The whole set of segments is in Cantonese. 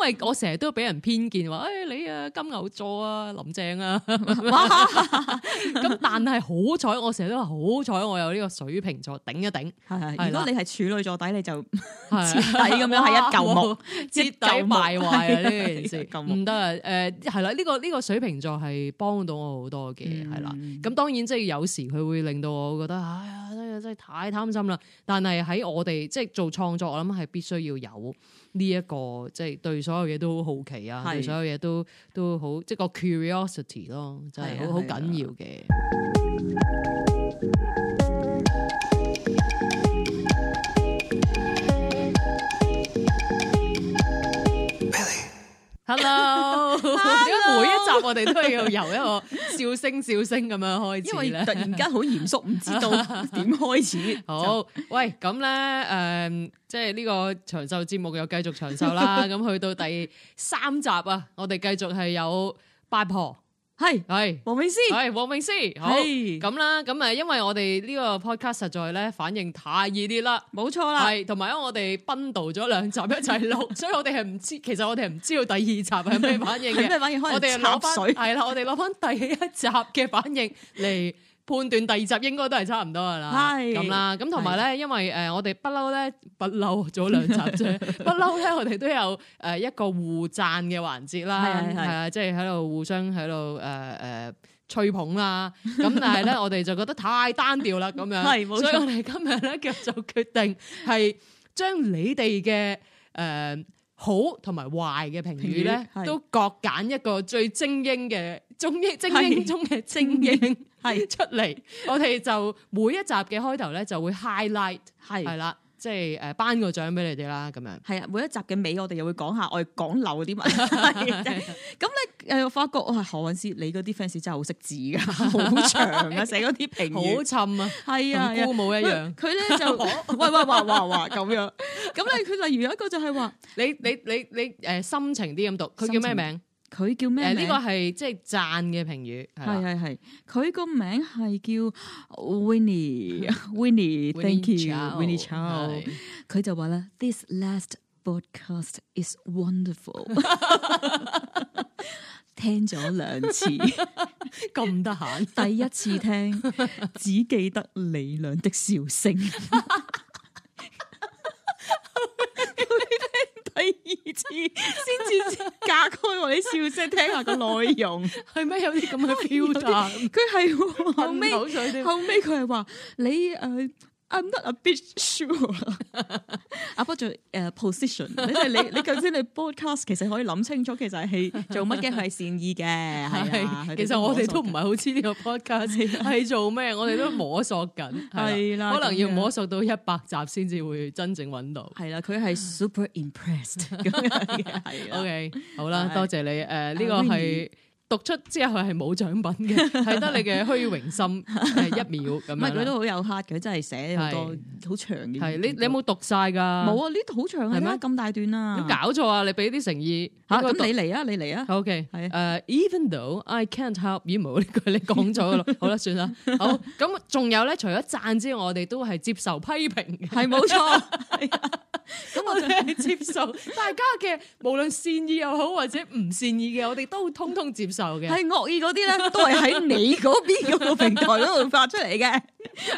因為我成日都俾人偏見，話誒、哎、你啊金牛座啊林鄭啊，咁 但係好彩，我成日都話好彩，我有呢個水瓶座頂一頂。如果你係處女座底，你就徹底咁樣係一舊木，徹底敗壞呢件事。唔得啊，誒係啦，呢個呢個水瓶座係幫到我好多嘅，係啦。咁當然即係有時佢會令到我覺得哎呀真係真係太貪心啦。但係喺我哋即係做創作，我諗係必須要有。呢一個即係對所有嘢都好好奇啊，的對所有嘢都都好，即係個 curiosity 咯，就係好好緊要嘅。的 Hello。 我哋都係要由一個笑聲、笑聲咁樣開始，因為突然間好嚴肅，唔知道點開始。好，喂，咁咧，誒、呃，即係呢個長壽節目又繼續長壽啦。咁 去到第三集啊，我哋繼續係有八婆。係係，黃詠詩，係黃詠詩，好咁啦。咁啊是，因為我哋呢個 podcast 實在咧反應太熱烈啦，冇錯啦，係同埋因為，我哋分導咗兩集一齊錄， 所以我哋係唔知，其實我哋係唔知道第二集係咩反應嘅，我哋攞翻係啦，我哋攞翻第一集嘅反應嚟，判斷第二集應該都係差唔多噶啦，咁是啦，咁同埋咧，因為誒我哋不嬲咧，不嬲做兩集啫，不嬲咧，我哋 都有誒、呃、一個互讚嘅環節啦，係啊是、呃，即係喺度互相喺度誒誒吹捧啦，咁但係咧， 我哋就覺得太單調啦，咁樣，係冇 沒錯。所以我哋今日咧叫做決定，係將你哋嘅誒。呃好同埋壞嘅評語咧，語都各揀一個最精英嘅中英精英中嘅精英係出嚟，我哋就每一集嘅開頭咧就會 highlight 係係是啦，即係誒頒個獎俾你哋啦，咁樣，係啊，每一集嘅尾我哋又會講下我哋講漏啲文，咁咧 是。 我又發覺，哇！何韻詩，你嗰啲 fans 真係好識字噶，好長啊，寫嗰啲評語，好沉啊，係啊，同父母一樣。佢咧就喂，喂，話話話咁樣。咁咧佢例如有一個就係話，你你你你誒深情啲咁讀。佢叫咩名？佢叫咩？呢個係即係讚嘅評語。係係係。佢個名係叫 Winnie，Winnie，Thank you，Winnie Chow。佢就話啦：This last broadcast is wonderful。聽咗兩次咁得閒，第一次聽只記得你倆的笑聲， 後尾聽第二次先至隔開我啲笑聲，聽下個內容係咩？有啲咁嘅標準，佢係 後尾 後尾佢係話你誒。Uh, I'm not a bit sure。阿伯做誒 position，即係你你頭先你 podcast 其實可以諗清楚，其實係做乜嘅？係善意嘅，係係。 其實我哋都唔係好知呢個 podcast 係做咩？我哋都摸索緊，係 啦。可能要摸索到一百集先至會真正揾到。係啦、啊，佢係 super impressed 咁樣嘅係。 啊、 OK，好啦，對多謝你。誒、呃，呢、這個係。Uh. 讀出之後佢係冇獎品嘅，睇得你嘅虛榮心一秒咁樣。唔係佢都好有黑嘅，真係寫好多好長嘅。係你你有冇讀晒㗎？冇啊，呢度好長㗎，咁大段啊！有冇搞錯啊？你俾啲誠意吓，咁你嚟啊！你嚟啊！OK，係 Even though I can't help，咦？冇呢句你講咗咯，好啦，算啦。好，咁，仲有咧，除咗讚之外，我哋都係接受批評嘅，係冇錯。咁我哋係接受大家嘅，無論善意又好或者唔善意嘅，我哋都通通接受。係惡意嗰啲咧， 都係喺你嗰邊嗰個平台度發出嚟嘅。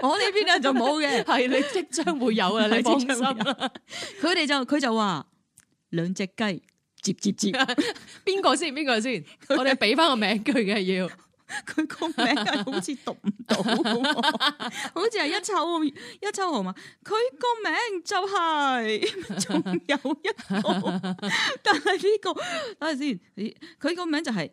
我呢邊咧就冇嘅，係你即將會有啊！你放心啦。佢哋就佢就話兩隻雞接接接，邊個 先？邊個先？我哋俾翻個名佢嘅要，佢個他的 名好似讀唔到， 好似係一抽一抽號嘛。佢個名就係、是，仲有一個，但係呢、這個等下先，佢個名就係、是。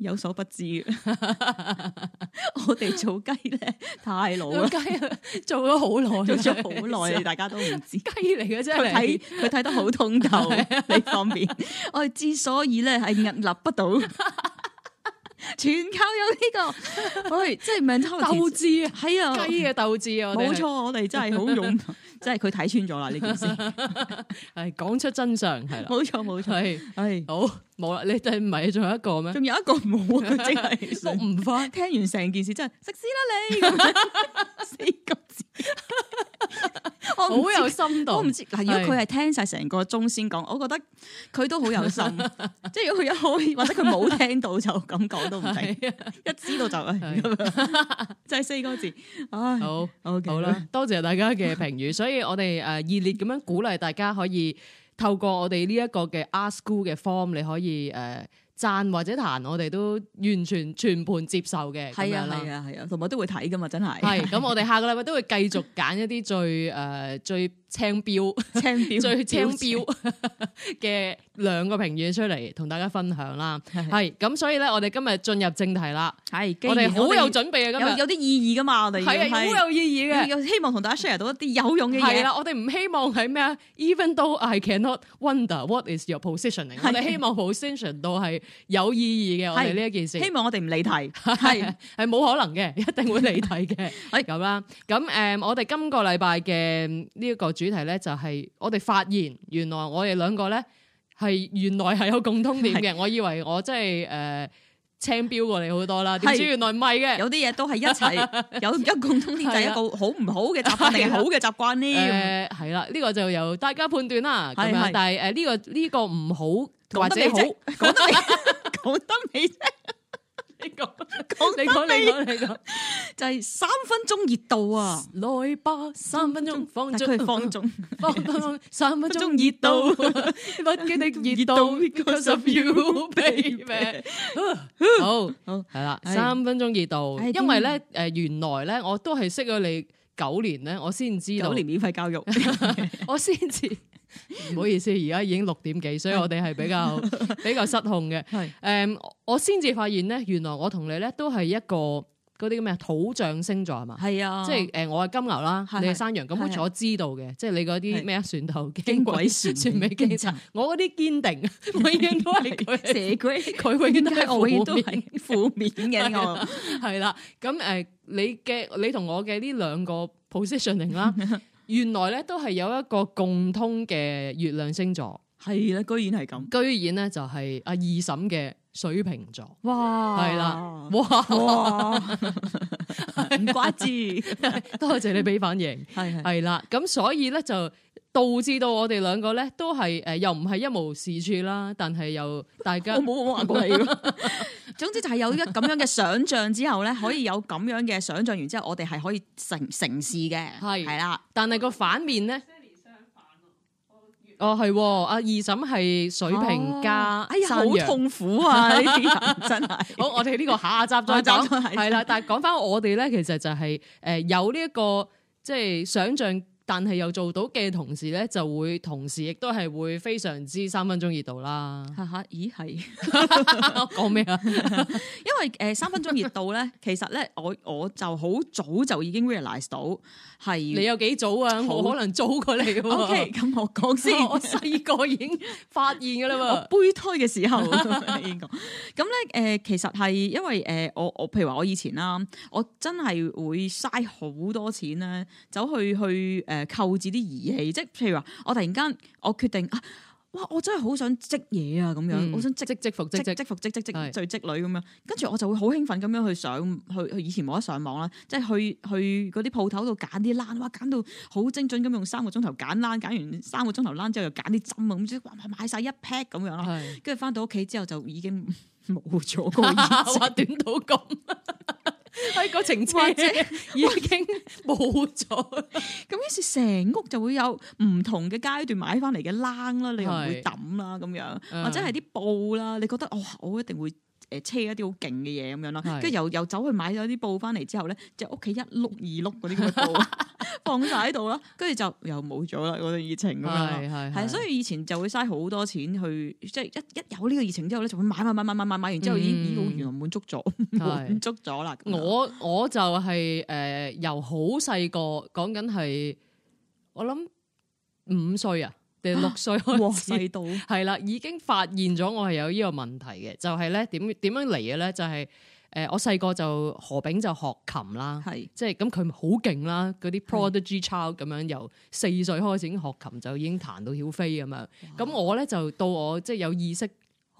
有所不知， 我哋做雞咧太老啦，做咗好耐， 做咗好耐，大家都唔知雞嚟嘅啫。佢睇佢睇得好通透呢方面， 我哋之所以咧係屹立不倒， 全靠有呢、這個我哋即係命鬥志啊！係啊，雞嘅鬥志啊，冇錯，我哋真係好勇。 即係佢睇穿咗啦呢件事，係講出真相係啦，冇錯冇錯，係，好，冇啦，你哋唔係仲有一個咩？仲有一個冇，即係碌唔翻，聽完成件事真係食屎啦你，四個。 我好有深度，我唔知嗱。如果佢係聽晒成個鐘先講，是我覺得佢都好有心。 即係如果佢有可或者佢冇聽到就咁講都唔定，啊、一知道就係咁是樣， 就係四個字。 唉，好 OK，好啦吧，多謝，謝大家嘅評語。所以我哋誒熱烈咁樣鼓勵大家可以透過我哋呢一個嘅 ASKGOO 嘅 form，你可以誒、呃。讚或者彈，我哋都完全全盤接受嘅，咁樣啦。係啊，係啊，係啊，同埋、啊、都會睇㗎嘛，真係。係咁是，啊、我哋下個禮拜都會繼續揀一啲最誒最。 呃最青標，青標，最青標嘅兩個評語出嚟同大家分享啦，係咁，所以咧我哋今日進入正題啦，係我哋好有準備啊，今日有啲意義噶嘛，我哋係好有意義嘅，希望同大家 share 到一啲有用嘅嘢啦。我哋唔希望係咩啊？Even though I cannot wonder what is your positioning，我哋希望 position 到係有意義嘅，我哋呢一件事。希望我哋唔離題，係係冇可能嘅，一定會離題嘅。係咁啦，咁誒，我哋今個禮拜嘅呢一個。主題咧就係我哋發現，原來我哋兩個咧係原來係有共通點嘅。是我以為我即係誒青標過你好多啦，點知原來唔係嘅。有啲嘢都係一齊有一共通點，就係一個好唔好嘅習慣定好嘅習慣呢，誒，係、呃、啦，呢、這個就由大家判斷啦。咁的但係誒呢個呢、這個唔好的或者好講得講 得起啫。 講你講，你講，你講，就係三分鐘熱度啊！來吧，三分鐘放縱，放縱，三分鐘熱度，啊，不 羈的熱度，because of you baby。 好，係啦，三分鐘熱度。是因為咧，誒是，原來咧，我都係識咗你九年咧，我先知道九年免費教育， 我先至。唔好意思，而家已經六點幾，所以我哋係比較比較失控嘅。係誒，我先至發現咧，原來我同你咧都係一個嗰啲咁咩土象星座係嘛？係啊，即係誒，我係金牛啦，你係山羊。咁好在我知道嘅，即係你嗰啲咩船頭驚鬼，船尾驚賊。我嗰啲堅定，永遠都係佢。社 grade，佢永遠都係負面負面嘅我。係啦，咁誒，你嘅你同我嘅呢兩個 positioning 啦。原來咧都係有一個共通嘅月亮星座，係啦，居然係咁，居然咧就係阿二嬸嘅水瓶座，哇，係啦，哇，唔怪之，多謝你俾反應，係係啦，咁所以咧就導致到我哋兩個咧都係誒，又唔係一無是處啦，但係又大家我冇話過你。總之就係有一咁樣嘅想象之後咧， 可以有咁樣嘅想象完之後，我哋係可以成成事嘅，係係啦。了但係個反面咧，相反哦，係阿二嬸係水平加、啊、哎呀，好痛苦啊！ 真係。 好，我哋呢個下集再講，係啦。 但係講翻我哋咧，其實就係誒有呢、這、一個即係、就是、想象。但係又做到嘅同時咧，就會同時亦都係會非常之三分鐘熱度啦。嚇嚇，咦係？講咩啊？因為誒、呃、三分鐘熱度咧，其實咧我我就好早就已經 realize 到係你有幾早啊？我很可能早過你、啊。OK，咁我講先。我細個已經發現㗎啦、啊，胚 胎嘅時候已經講。咁咧誒，其實係因為誒我我譬如話我以前啦，我真係會嘥好多錢啦，走去去誒，去去購置啲儀器，即係譬如話，我突然間我決定，哇！我真係好想積嘢啊，咁、嗯、樣，我想積積積福，積積積積積積積女咁樣，跟住是我就會好興奮咁樣去上，去以前冇得上網啦，即係去去嗰啲鋪頭度揀啲針，哇！揀到好精準咁用三個鐘頭揀針，揀完三個鐘頭針之後又揀啲針啊，咁即係哇買晒一劈 a c k 咁樣啦，跟住翻到屋企之後就已經冇咗個意識，斷 到咁。喺個情況已經冇咗，咁於 是成屋就會有唔同嘅階段買翻嚟嘅冷啦，是你又唔會抌啦咁樣，嗯、或者係啲布啦，你覺得哇、哦，我一定會。誒，車一啲好勁嘅嘢咁樣咯，跟住又又走去買咗啲布翻嚟之後咧，就屋企一碌二碌嗰啲咁嘅布 放晒喺度啦，跟住就又冇咗啦嗰個熱情咁樣，係係，所以以前就會嘥好多錢去，即係一一有呢個熱情之後咧，就會買買買買買買買，買，買完之後，嗯、已經已經好原來滿足咗，滿是的 足咗啦。我我就係、是、誒，由好細個講緊係，我諗五歲啊。六歲開始到，係啦，已經發現咗我係有呢個問題嘅，就係咧點點樣嚟嘅咧，就係、是、誒我細個就何炳就學琴啦，係即係咁佢好勁啦，嗰啲 prodigy child 咁樣，是由四歲開始已經學琴就已經彈到曉飛咁樣，咁哇我咧就到我即係有意識。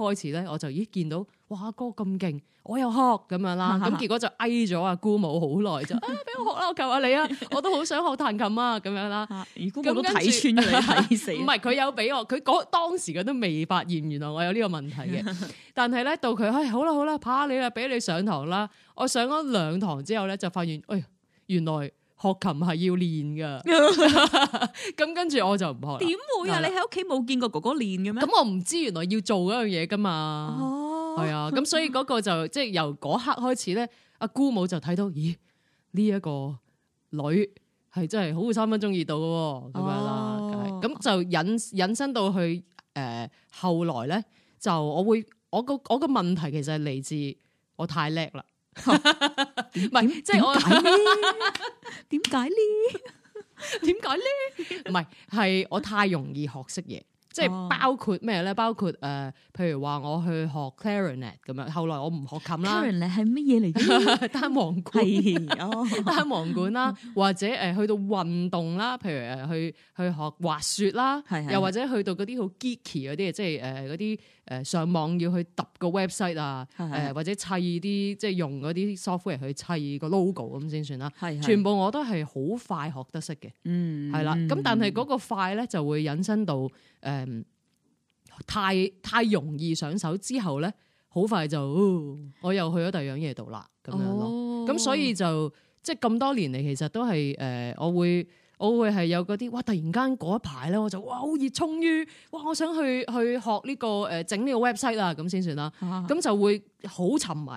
開始咧，我就已經見到哇哥咁勁，我又學咁樣啦，咁結果就哎咗阿姑母好耐就， 啊俾我學啦，我求下你啊，我都好想學彈琴啊，咁樣啦，咁跟住唔係佢有俾我，佢嗰當時佢都未發現，原來我有呢個問題嘅，但係咧到佢，哎好啦好啦，怕你啦，俾你上堂啦，我上咗兩堂之後咧就發現，哎原來。學琴係要練噶，咁跟住我就唔學。點會啊？吧你喺屋企冇見過哥哥練嘅咩？咁我唔知原來要做嗰樣嘢噶嘛。哦，係啊，咁所以嗰個就即係 由嗰刻開始咧，阿姑母就睇到，咦呢一，這個女係真係好會三分鐘熱度嘅咁樣啦。咁、哦、就引引申到去誒、呃、後來咧，就我會我個我個問題其實係嚟自我太叻啦。唔係？即係我點解咧？點解咧？點解咧？唔係， 係我太容易學識嘢，即係包括咩咧？包括誒、呃，譬如話我去學 clarinet 咁樣，後來我唔學琴啦。clarinet 係乜嘢嚟嘅？ 單簧管係單簧管啦， 或者誒去到運動啦，譬如誒去去學滑雪啦，係又或者去到嗰啲好 geeky 嗰啲，即係誒嗰啲。誒、呃、上網要去揼個 website 啊，誒、呃、或者砌啲即係用嗰啲 software 去砌個 logo 咁先算啦。是是全部我都係好快學得識嘅，係啦、嗯。咁但係嗰個快咧就會引申到誒、呃，太太容易上手之後咧，好快就、哦、我又去咗第二樣嘢度啦咁樣咯。咁、哦、所以就即係咁多年嚟，其實都係誒、呃，我會。我會係有嗰啲，哇！突然間嗰一排咧，我就哇好熱衷於，哇！我想去去學呢個誒整呢個 website 啊，咁先算啦。咁 就會好沉迷，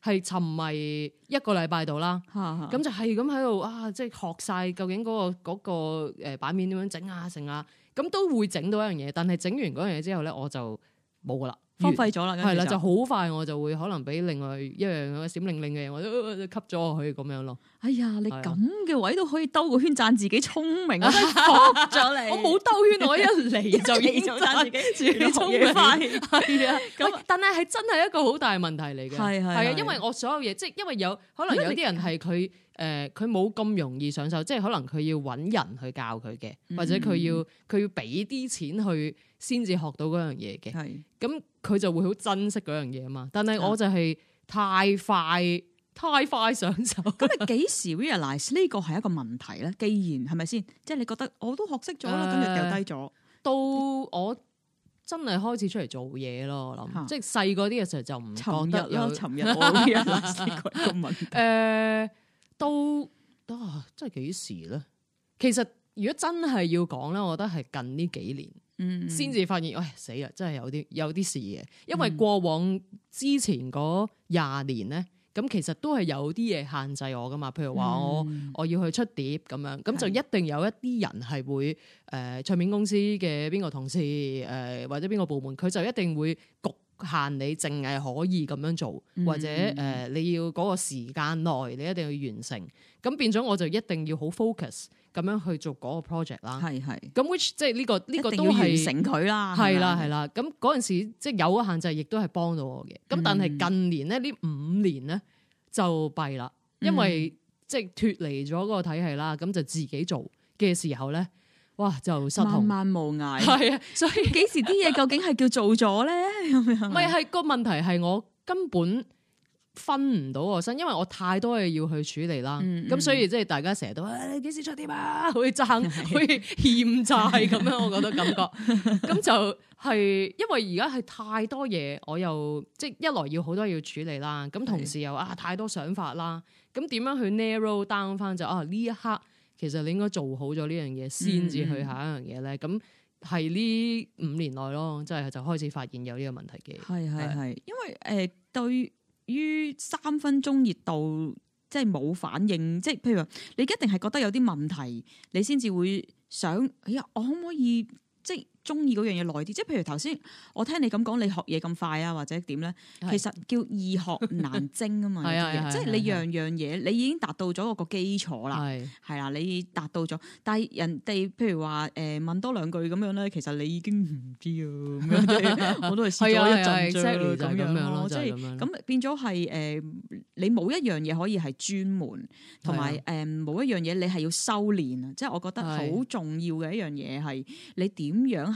係沉迷一個禮拜度啦。咁 就係咁喺度啊！即係學晒究竟嗰個嗰個誒版面點樣整啊，成啊，咁都會整到一樣嘢。但係整完嗰樣嘢之後咧，我就冇噶啦。荒廢咗啦，係啦，就好快我就會可能俾另外一樣嘅閃靈靈嘅嘢，我都吸咗我去咁樣咯。哎呀，你咁嘅位都可以兜個圈讚自己聰明，咗 你，我冇兜圈，我一嚟，就已經讚 自己聰明。係啊、 哎，但係係真係一個好大問題嚟嘅，係係啊，是因為我所有嘢，即係因為有可能有啲人係佢。誒，佢冇咁容易上手，即係可能佢要揾人去教佢嘅，或者佢要佢要俾啲錢去先至學到嗰樣嘢嘅。係，咁佢就會好珍惜嗰樣嘢嘛。但係我就係太快、啊、太快上手，咁、嗯、呵你幾時 realize 呢個係一個問題咧？既然係咪先？即係你覺得我都學識咗啦，跟住掉低咗，到我真係開始出嚟做嘢咯。諗即係細個啲嘅時候就唔當一兩，日，日我 r e a l 都都、哦、真係幾時咧？其實如果真係要講咧，我覺得係近呢幾年，嗯，先至發現，喂、哎、死喇！真係有啲有啲事嘅。因為過往之前嗰廿年咧，咁其實都係有啲嘢限制我噶嘛。譬如話我我要去出碟咁樣，咁、嗯嗯、就一定有一啲人係會誒、呃、唱片公司嘅邊個同事誒、呃、或者邊個部門，佢就一定會焗。限你淨係可以咁樣做，或者誒、嗯呃、你要嗰個時間內你一定要完成，咁變咗我就一定要好 focus 咁樣去做嗰個 project 啦。係係。咁 which 即係呢個呢個都係完成佢啦。係啦係啦。咁嗰陣時即係有限制，亦都係幫到我嘅。咁、嗯、但係近年咧呢五年咧就弊啦，嗯、因為即係脱離咗嗰個體系啦，咁就自己做嘅時候咧。哇！就失控，係啊，所以幾時啲嘢，究竟係叫做咗咧？唔係， 係個問題係我根本分唔到我身，因為我太多嘢要去處理啦。咁、嗯、所以即係大家成日都、嗯啊、你幾時出點啊？去爭，去的欠債咁樣，我覺得感覺咁的就係因為而家係太多嘢，我又即係、就是、一來要好多嘢要處理啦，咁同時又啊太多想法啦。咁點樣去 narrow down 翻就啊呢、啊、一刻？其實你應該做好咗呢樣嘢，先至去下一樣嘢咧。咁係呢五年內咯，即係就開始發現有呢個問題嘅。係係係，嗯、因為誒、呃、對於三分鐘熱度，即係冇反應，即係譬如話，你一定係覺得有啲問題，你先至會想，哎呀，我可唔可以即係？中意嗰樣嘢耐啲，即係譬如頭先我聽你咁講，你學嘢咁快啊，或者點咧？是 其實叫易學難精啊嘛，即係的你樣樣嘢是的 你已經達到咗個基礎啦，係啦是的 的，你達到咗，但係人哋譬如話誒、呃、問多兩句咁樣咧，其實你已經唔知啊，我都係試開一陣啫，咁樣咯，即係咁變咗係誒，你冇一樣嘢可以係專門，同埋誒冇一樣嘢你係要修練啊的的，即係我覺得好重要嘅一樣嘢係你點樣。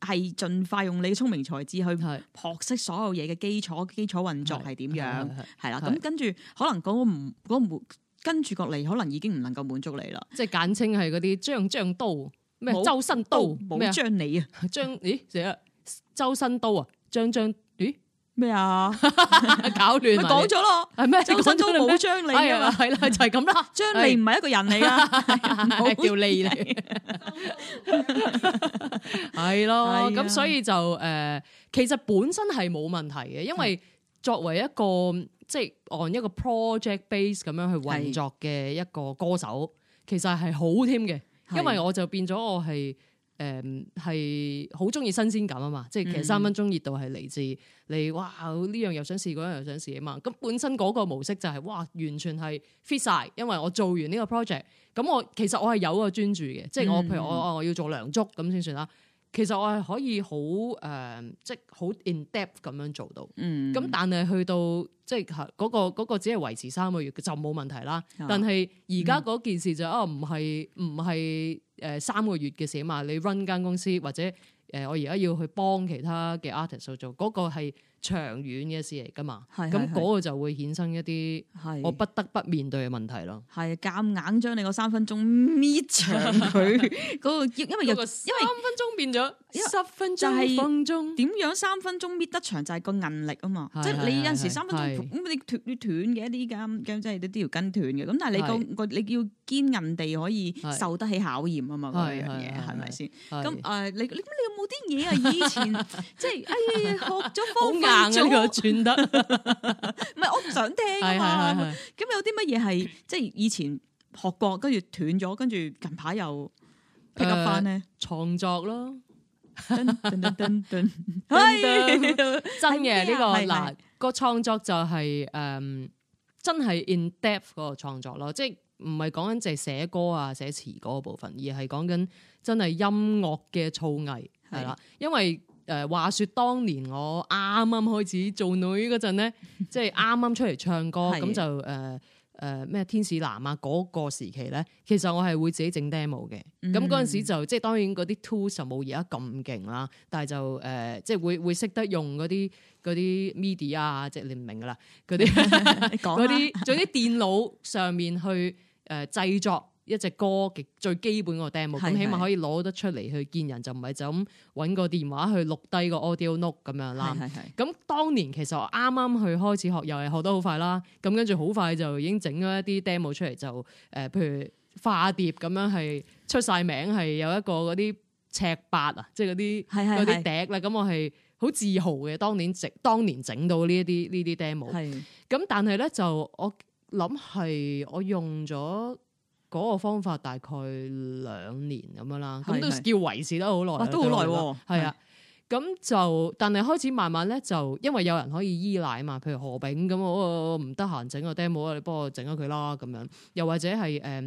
係盡快用你嘅聰明才智去學識所有嘢嘅基礎，基礎運作係點樣？係啦，咁跟住可能嗰、那個唔嗰、那個滿、那個那個、跟住落嚟，可能已經唔能夠滿足你啦。即係簡稱係嗰啲張張刀咩？周身刀冇張你啊，張咦？成日，「周身刀啊，張張咦？咩啊？搞亂！我講咗咯，係咩？即係廣州冇張力啊！係啦，就係咁啦。張力唔係一個人嚟噶，係條脷嚟。係咯，咁所以就誒，其實本身係冇問題嘅，因為作為一個即係按一個 project base 咁樣去運作嘅一個歌手，其實係好添嘅，因為我就變咗我係。誒係好中意新鮮感啊嘛，即係其實三分鐘熱度係嚟自、嗯、你哇呢樣又想試，嗰樣又想試啊嘛。咁本身嗰個模式就係、係、哇，完全係 fit 曬，因為我做完呢個 project，咁我其實我係有個專注嘅，即係我譬如我我要做梁祝咁先算啦。其實我係可以好誒、呃，即係好 in depth 咁樣做到。嗯，咁但係去到即係嗰、嗰個嗰、嗰個只係維持三個月就冇問題啦。但係而家嗰件事就啊唔係唔係。呃呃、三個月嘅事啊嘛，你 run 間公司或者、呃、我而家要去幫其他嘅 artist 去做，嗰、嗰個係長遠嘅事嚟噶嘛？咁嗰個就會衍生一啲我不得不面對嘅問題咯。係啊，夾硬將你嗰三分鐘搣長佢，嗰個因為又因為三分鐘變咗十分鐘分鐘，點樣三分鐘搣得長就係個韌力啊嘛！即係你有陣時三分鐘咁，你斷要斷嘅，啲咁即係你都要跟斷嘅。咁但係你個個你要堅韌地可以受得起考驗啊嘛？嗰樣嘢係咪先？咁誒，你你咁你有冇啲嘢啊？以前即係哎呀，學咗方法。咗 啊，轉得唔係我唔想聽咁是有啲乜嘢係即係以前學過，跟住斷咗，跟住近排又 pick 翻咧？創、呃、作咯，噔 真嘅的呢、這個嗱個創作就係、是、誒、嗯，真係 in depth 嗰個創作咯，即係唔係講緊淨係寫歌啊、寫詞嗰個部分，而係講緊真係音樂嘅造詣係啦，的的因為。誒話説當年我啱啱開始做女嗰陣咧， 即係啱啱出嚟唱歌，咁是的 就誒誒咩天使男啊嗰、嗰個時期咧，其實我係會自己整 demo 嘅。咁嗰陣時就即係當然嗰啲 tools 就冇而家咁勁啦，但係就誒、呃、即係會會識得用嗰啲啲 media 啊，ia, 即係你明噶啦，嗰啲嗰啲在啲電腦上面去誒製作，一隻歌嘅最基本個 demo，咁起碼可以攞得出嚟去見人，是是就唔係就咁揾個電話去錄低個 audio note 咁樣啦。咁是當年其實我啱啱去開始學，又係學得好快啦。咁跟住好快就已經整咗一啲 demo 出嚟，就誒、呃，譬如化蝶咁樣係出晒名，係有一個嗰啲尺八啊，即係嗰啲啲笛啦。咁是我係好自豪嘅。當年整，當年整到 o, 是是呢啲呢啲 demo。咁但係咧，就我諗係我用咗。嗰個方法大概兩年咁樣啦，咁都叫維持得好耐，都好耐係啊。咁就，但係開始慢慢咧，就因為有人可以依賴啊嘛，譬如何炳咁，我我唔得閒整個 demo，你幫我整咗佢啦，咁樣又或者係誒、呃，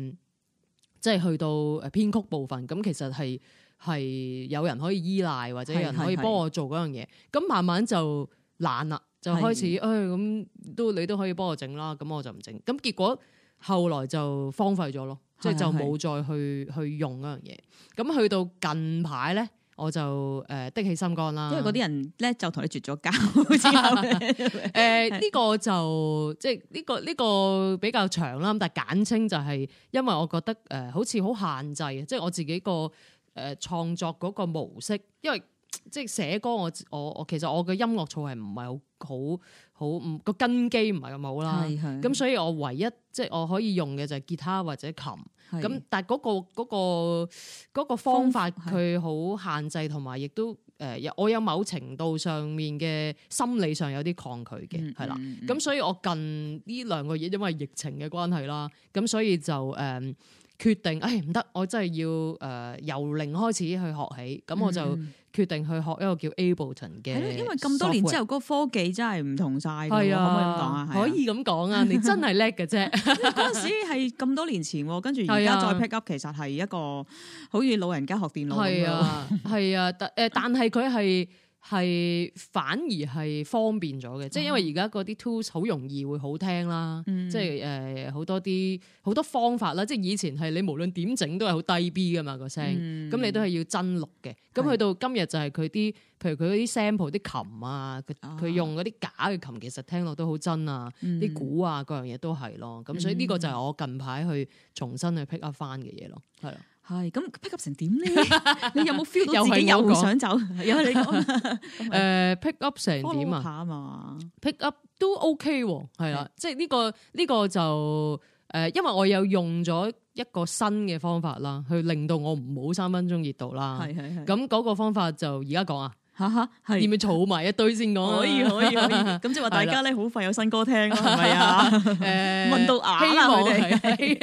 即係去到誒編曲部分，咁其實係係有人可以依賴或者有人可以幫我做嗰樣嘢，咁的慢慢就懶啦，就開始誒咁都你都可以幫我整啦，咁我就唔整，咁結果。後來就荒廢咗咯，的即係就冇再去去用嗰樣嘢。咁的去到近排咧，我就誒的、呃、起心肝啦，因為嗰啲人咧就同你絕咗交之後。誒、 呃，呢的個就即係、這、呢個呢、這個比較長啦，但係簡稱就係，因為我覺得誒、呃、好似好限制，即、就、係、是、我自己個誒創作嗰個模式，因為。即係寫歌，我我我其實我嘅音樂造係唔係好好好，個根基唔係咁好啦。咁的，所以我唯一即係我可以用嘅就係吉他或者琴。咁的但係，嗰、嗰個、嗰個、嗰個方法，佢好限制，同埋亦都誒，我有某程度上面嘅心理上有啲抗拒嘅，係啦，嗯嗯嗯。咁所以我近呢兩個月，因為疫情嘅關係啦，咁所以就誒、嗯、決定，誒唔得，我真係要誒由零開始去學起。咁我就。嗯嗯決定去學一個叫 Ableton 嘅，因為咁多年之後，嗰件科技真係唔同晒。係啊，可唔可以咁講啊？可以咁講啊！ 你真係叻嘅啫。嗰 陣 時係咁多年前，跟住而家再 pick up，其實係一個好似老人家學電腦咁樣。係啊，係啊，但係佢係。呃 係反而係方便咗嘅，嗯、即係因為而家嗰啲 tools 好容易會好聽啦，嗯、即係誒好多啲好多方法啦。即係以前係你無論點整都係好低 B 噶嘛個聲，咁、嗯、你都係要真錄嘅。咁去到今日就係佢啲，是 譬如佢嗰啲 sample 啲琴啊，佢用嗰啲假嘅琴，其實聽落都好真、嗯、啊，啲鼓啊各樣嘢都係咯。咁、嗯嗯、所以呢個就係我近排去重新去 pick up 翻嘅嘢咯，係咯。係咁 pick up 成點咧？你有冇 feel 到自己又想走？有你講，誒 pick up 成點啊？嚇嘛，pick up 都 OK 喎，哦，係啦，的即係、呢、呢個呢、呢個就誒、呃，因為我有用咗一個新嘅方法啦，去令到我唔好三分鐘熱度啦。係係係。咁嗰個方法就而家講啊。哈哈，要唔要儲埋一堆先講，啊？可以可以可以，咁 即係話大家咧，好快有新歌聽咯，係咪啊，誒、 啊，呃、 問到眼啦我哋，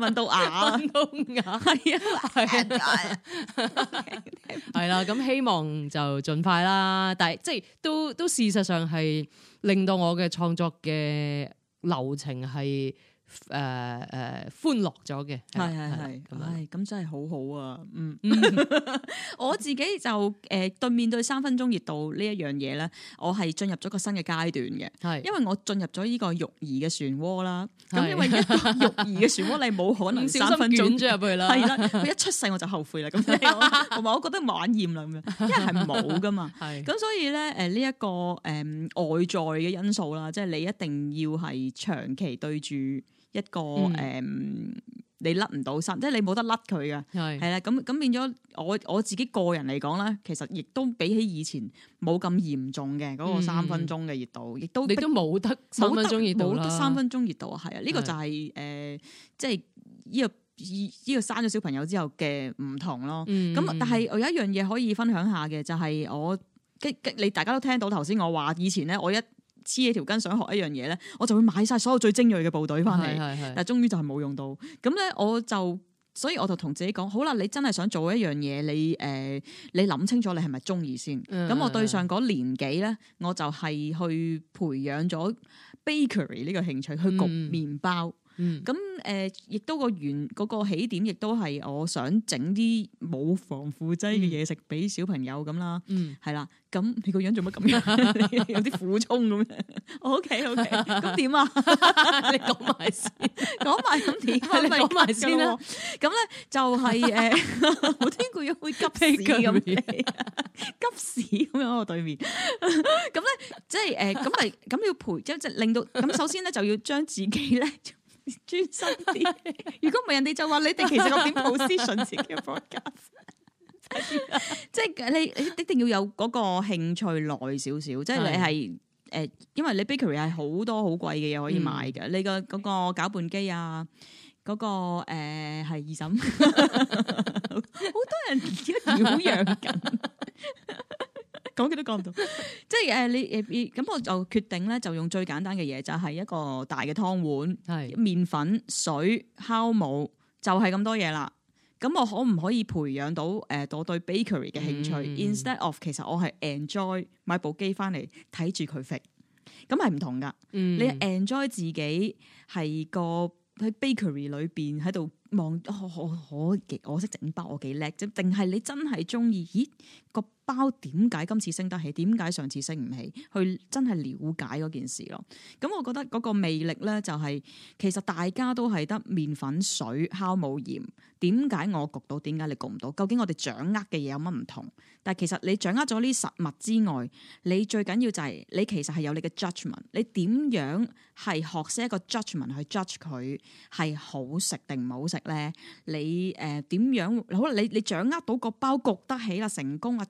問到眼，問到眼，係啊，係啊，係啦，咁希望就盡快啦，但係即係都都事實上係令到我嘅創作嘅流程係。誒誒，歡樂咗嘅，係係係，係咁真係好好啊！嗯，我自己就誒對面對三分鐘熱度呢一樣嘢咧，我係進入咗個新嘅階段嘅，係因為我進入咗呢個育兒嘅漩渦啦。咁因為育兒嘅漩渦，你冇可能三分鐘轉咗入去啦，係啦，一出世我就後悔啦，咁同埋我覺得玩厭啦咁樣，因為係冇㗎嘛，係咁所以咧，誒呢一個誒外在嘅因素啦，即係你一定要係長期對住。一個誒、嗯嗯，你甩唔到身，即係你冇得甩佢㗎，係啦的。咁咁變咗，我我自己個人嚟講咧，其實亦都比起以前冇咁嚴重嘅嗰、那個三分鐘嘅熱度，嗯、亦都你都冇得三分鐘熱度冇得，得三分鐘熱度啊，係啊的，呢、這個就係、是、誒、呃，即係呢、這個呢、這個這個生咗小朋友之後嘅唔同咯。咁、嗯、但係我有一樣嘢可以分享下嘅，就係、是、我跟跟你大家都聽到頭先我話以前咧，我一。黐嘢條筋想學一樣嘢咧，我就會買晒所有最精銳嘅部隊翻嚟，是是是，但係終於就係冇用到。咁咧我就，所以我就同自己講，好啦，你真係想做一樣嘢，你誒、呃，你諗清楚你係咪中意先。咁、嗯、我對上年幾咧，我就係去培養咗 bakery 呢個興趣，去焗麵包。嗯咁誒，亦都個原嗰個起點，亦都係我想整啲冇防腐劑嘅嘢食俾小朋友咁啦，嗯，係啦。咁你個樣做乜咁樣？有啲苦衷咁樣。O K O K，咁點啊？你講埋先，講埋點先。你講埋先啦。咁咧就係誒，我啲個樣會急屎咁，急屎咁樣，我對面。咁咧即係誒，咁咪咁要培即係令到咁。首先咧就要將自己咧。專 心啲，如果唔係，人哋就話你哋其實冇點好專心自己嘅 podcast 即係你你一定要有嗰個興趣耐少少，的即係你係誒，因為你 bakery 係好多好貴嘅嘢可以買嘅，嗯、你個嗰個攪拌機啊，嗰、那個誒係、呃、二嬸，好 多人而家表揚緊。 我咩都講唔到，即係誒你誒咁我就決定咧，就用最簡單嘅嘢，就係、是、一個大嘅湯碗，係麵是粉、水、酵母，就係、是、咁多嘢啦。咁我可唔可以培養到誒我對 bakery 嘅興趣、嗯、？Instead of 其實我係 enjoy 買部機翻嚟睇住佢食，咁係唔同噶。你 enjoy 自己係個喺 bakery 裏邊喺度。望我我我我識整包我幾叻啫，定係你真係中意？咦，個包點解今次升得起？點解上次升唔起？去真係了解件事咯。咁我覺得個魅力咧、就是，就係其實大家都係得麵粉水、酵冇鹽，點解我焗到？點解你焗唔到？究竟我哋掌握嘅嘢有乜唔同？但係其實你掌握咗呢實物之外，你最緊要就係你其實係有你嘅 judgement。你點樣係學識一個 judgement 去 judge 佢係好食定唔好食？咧、呃，你誒點樣？好啦你你掌握到個包焗得起啦，成功啦！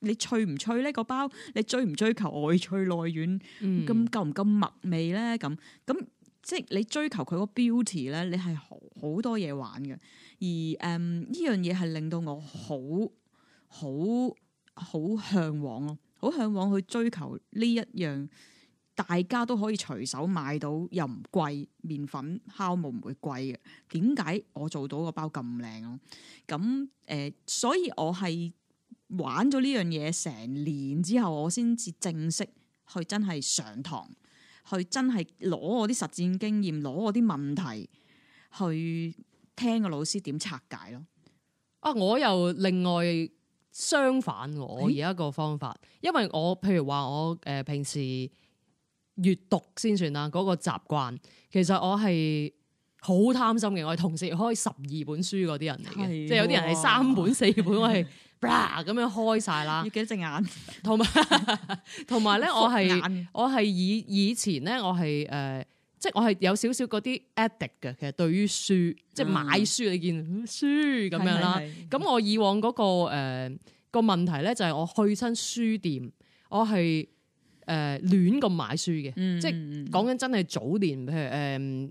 你脆唔脆呢個包？你追唔追求外脆內軟？咁、嗯、夠唔夠麥味咧？咁咁即係你追求佢個 beauty 咧？你係好多嘢玩嘅，而誒呢、呃、樣嘢係令到我好好好向往咯，好向往去追求呢一樣。大家都可以隨手買到，又唔貴。麵粉酵母唔會貴嘅。點解我做到個包咁靚咯？咁誒、呃，所以我係玩咗呢樣嘢成年之後，我先至正式去真係上堂，去真係攞我啲實戰經驗，攞我啲問題去聽個老師點拆解咯。啊！我又另外相反我而家個方法，咦因為我譬如話我誒、呃、平時。閱讀先算啦，嗰、那個習慣，其實我係好貪心嘅，我係同時開十二本書嗰啲人嚟嘅，即係有啲人係三本四本，我係咁樣開晒啦。要幾多隻眼？同埋同埋咧，我係我係以以前咧，我係誒，即係我係有少少嗰啲 addict 嘅。其實對於書，嗯、即係買書，你見書咁樣啦。咁我以往嗰、那個誒個、呃、問題咧，就係我去親書店，我係。誒，亂咁、呃、買書嘅，嗯、即係講緊真係早年，譬如誒、呃、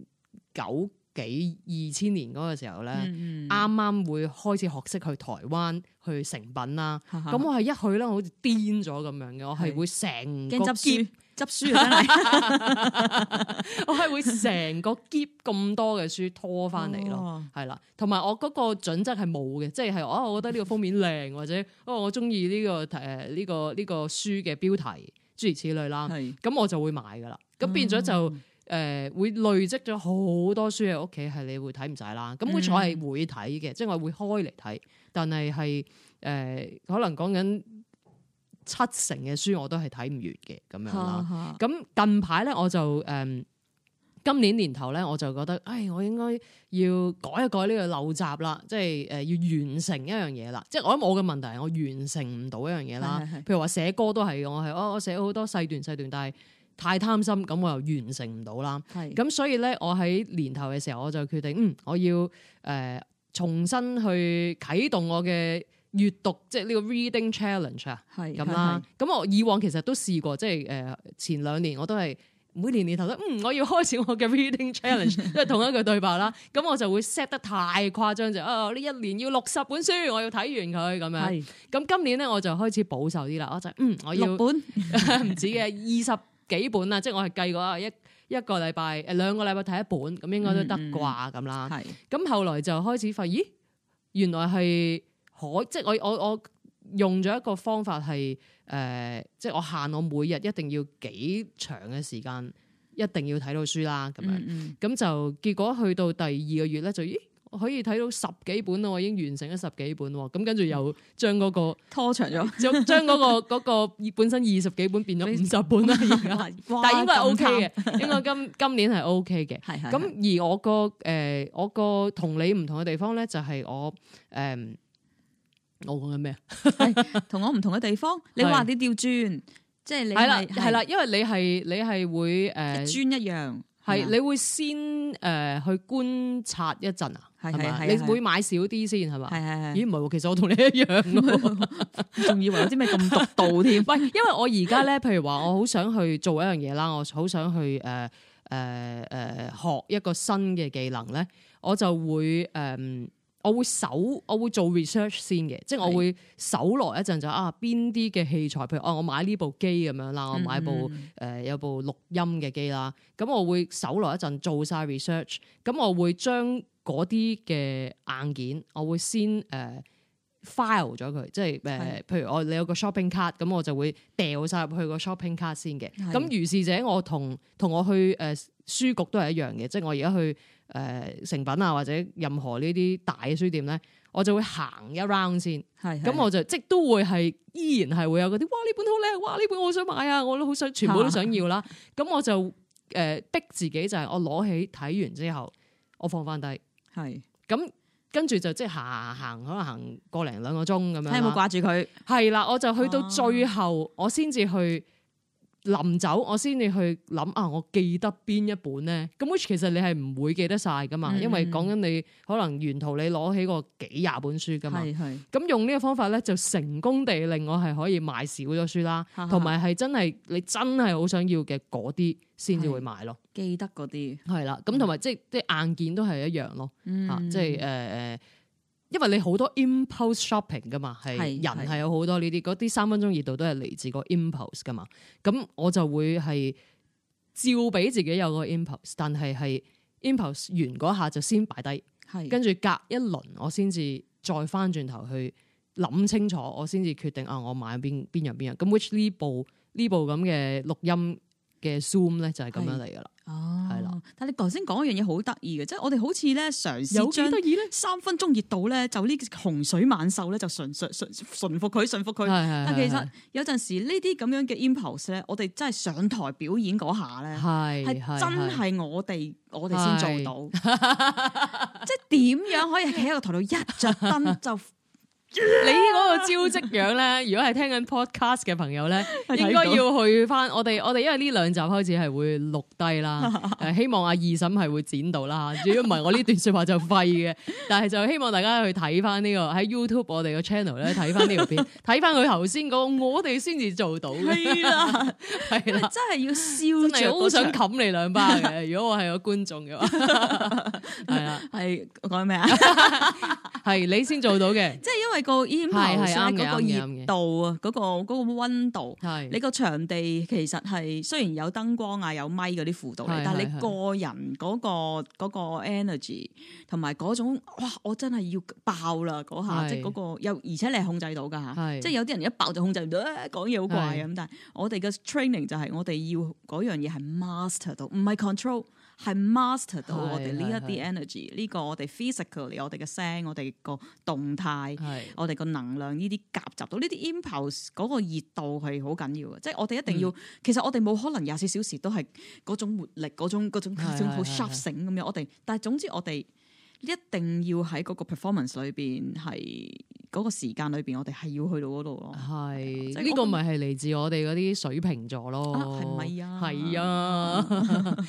九幾二千年嗰個時候咧，啱啱、嗯、會開始學識去台灣去誠品啦。咁、嗯嗯、我係一去咧，我好似癲咗咁樣嘅，是我係會成個執書，執書 我係會成個箧咁多嘅書拖翻嚟咯，係啦、哦。同埋我嗰個準則係冇嘅，即係係哦，我覺得呢個封面靚，或者哦、這個，我中意呢個誒呢個呢個書嘅標題。諸如此類啦，咁係我就會買㗎啦，咁、嗯、變咗就誒、呃、會累積咗好多書喺屋企，係你會睇唔晒啦。咁我係會睇嘅，即係我會開嚟睇，但係係誒可能講緊七成嘅書我都係睇唔完嘅咁樣啦。咁、啊啊、近排咧我就誒。呃今年年頭咧，我就覺得，誒，我應該要改一改呢個陋習啦，即係誒、呃、要完成一樣嘢啦。即係我諗我嘅問題係我完成唔到一樣嘢啦。是是是譬如話寫歌都係，我係我、哦、我寫好多細段細段，但係太貪心，咁我又完成唔到啦。咁是是 所以咧，我喺年頭嘅時候，我就決定，嗯，我要誒、呃、重新去啟動我嘅閱讀，即係呢個 reading challenge 啊，咁啦。咁我以往其實都試過，即係誒前兩年，兩年我都係。每年年頭都嗯，我要開始我嘅 reading challenge，即係同一句對白啦。咁 我就會 set 得太誇張就啊，呢一年要六十本書，我要睇完佢咁樣。咁是今年咧，我就開始保守啲啦，我就嗯我要六本唔 止嘅二十幾本啦，即係我係計過一一個禮拜，誒兩個禮拜睇一本，咁應該都得啩咁啦。咁後來就開始發現咦，原來係可即係我我我。我我我我我我用咗一個方法係誒、呃，即係我限我每日一定要幾長嘅時間，一定要睇到書啦咁樣。咁就、嗯嗯、結果去到第二個月咧，就咦可以睇到十幾本，我已經完成咗十幾本喎。咁跟住又將嗰、嗰個拖長咗，將 嗰、嗰個、嗰個本身二十幾本變咗五十本啦。 哇而家但係應該係 OK 嘅，麼 應該今今年係 OK 嘅。係咁的的而我個誒、呃，我個同你唔同嘅地方咧，就係我誒。呃我講緊咩？ 我同我唔同嘅地方，你話你調轉，是即係你係啦，係啦，因為你係你係會誒，磚、呃、一樣，係你會先誒、呃、去觀察一陣啊，係咪？你會買少啲先係嘛？係係係，是是是咦唔係、啊？其實我同你一樣，仲 以為有啲咩咁獨到添？喂， 因為我而家咧，譬如話我好想去做一樣嘢啦，我好想去誒誒誒學一個新嘅技能咧，我就會誒。嗯我會搜，我會做 research 先嘅，是即係我會搜來一陣就啊，邊啲嘅器材，譬如哦，我買呢部機咁樣啦，嗯嗯，我買部誒、呃、有部錄音嘅機啦，咁我會搜來一陣做晒 research，咁我會將嗰啲嘅硬件，我會先誒、呃、file 咗佢，即係誒、呃，譬如我你有個 shopping cart，咁我就會掉晒入去個 shopping cart 先嘅，咁如是者我同同我去誒、呃、書局都係一樣嘅，即係我而家去。誒、呃，成品啊，或者任何呢啲大嘅書店咧，我就會行一 round 先，係咁是是 我就即都會係依然係會有嗰啲哇，呢本好靚，哇呢本我好想買啊，我都好想全部都想要啦。咁是的 我就誒、呃、逼自己就係、是、我攞起睇完之後，我放翻低，係咁是的 跟住就即係行行可能行個零兩個鐘咁樣，你有冇掛住佢？係啦、啊，我就去到最後，啊、我先至去。臨走我先至去諗啊，我記得邊一本咧？咁其實你係唔會記得晒噶嘛，嗯、因為講緊你可能沿途你攞起個幾廿本書噶嘛。係係。咁用呢個方法咧，就成功地令我係可以買少咗書啦，同埋係真係你真係好想要嘅嗰啲先至會買咯，係係。記得嗰啲。係啦、就係，咁同埋即係即係硬件都係一樣咯。嗯即，即係誒誒。因為你好多 impulse shopping 噶嘛，係人係有好多呢啲，嗰啲是是 三分鐘熱度都係嚟自個 impulse 噶嘛，咁我就會係照俾自己有個 impulse，但係係 impulse 完嗰下就先擺低，係，跟住隔一輪我先至再翻轉頭去諗清楚，我先至決定啊我買邊邊樣邊樣，咁 which 呢部呢部咁嘅錄音。嘅 zoom 咧就係咁樣嚟噶啦，係、哦、啦。了但係你頭先講一樣嘢好得意嘅，即係我哋好似咧嘗試將三分鐘熱度咧，就呢洪水猛獸咧，就順順順服佢順服佢。但其實有陣時呢啲咁樣嘅 impulse 咧，我哋真係上台表演嗰下咧，係係真係我哋我哋先做到，是 即係點樣可以喺一個台度一着燈就？ 你嗰個招積樣咧，如果係聽緊 podcast 嘅朋友咧，應該要去翻我哋我哋，因為呢兩集開始係會錄低啦。希望阿二嬸係會剪到啦，如果唔係我呢段說話就廢嘅。但係就希望大家去睇翻，這個，呢個喺 YouTube 我哋個 channel 咧睇翻呢片，睇翻佢頭先個，我哋先至做到嘅。係啦了，係啦 了，真係要笑你，我好想冚你兩巴嘅。如果我係個觀眾嘅話，係 啊了，係講咩啊？係 你先做到嘅，即係因為。個音台上面嗰個熱度啊，嗰的個嗰個温度，的你個場地其實係雖然有燈光啊，有咪嗰啲輔導嚟，的但係你個人嗰個嗰個 energy 同埋嗰種哇，我真係要爆啦嗰下，即係嗰個又而且你係控制到㗎嚇，即係的有啲人一爆就控制唔到，講嘢好怪啊咁，的但係我哋嘅 training 就係我哋要嗰樣嘢係 master 到，唔係 control。係 master 到我哋呢一啲 energy，呢是個我哋 physically 我哋嘅聲，我哋個動態，是是我哋個能量呢啲夾雜到呢啲 impulse，嗰個熱度係好緊要嘅，即係我哋一定要。嗯、其實我哋冇可能廿四小時都係嗰種活力，嗰種嗰種好 sharping 咁樣。我哋，但係總之我哋一定要喺嗰個 performance 裏邊係。嗰個時間裏邊，我哋係要去到嗰度咯。係，呢個咪係嚟自我哋嗰啲水瓶座咯，係咪啊？係啊，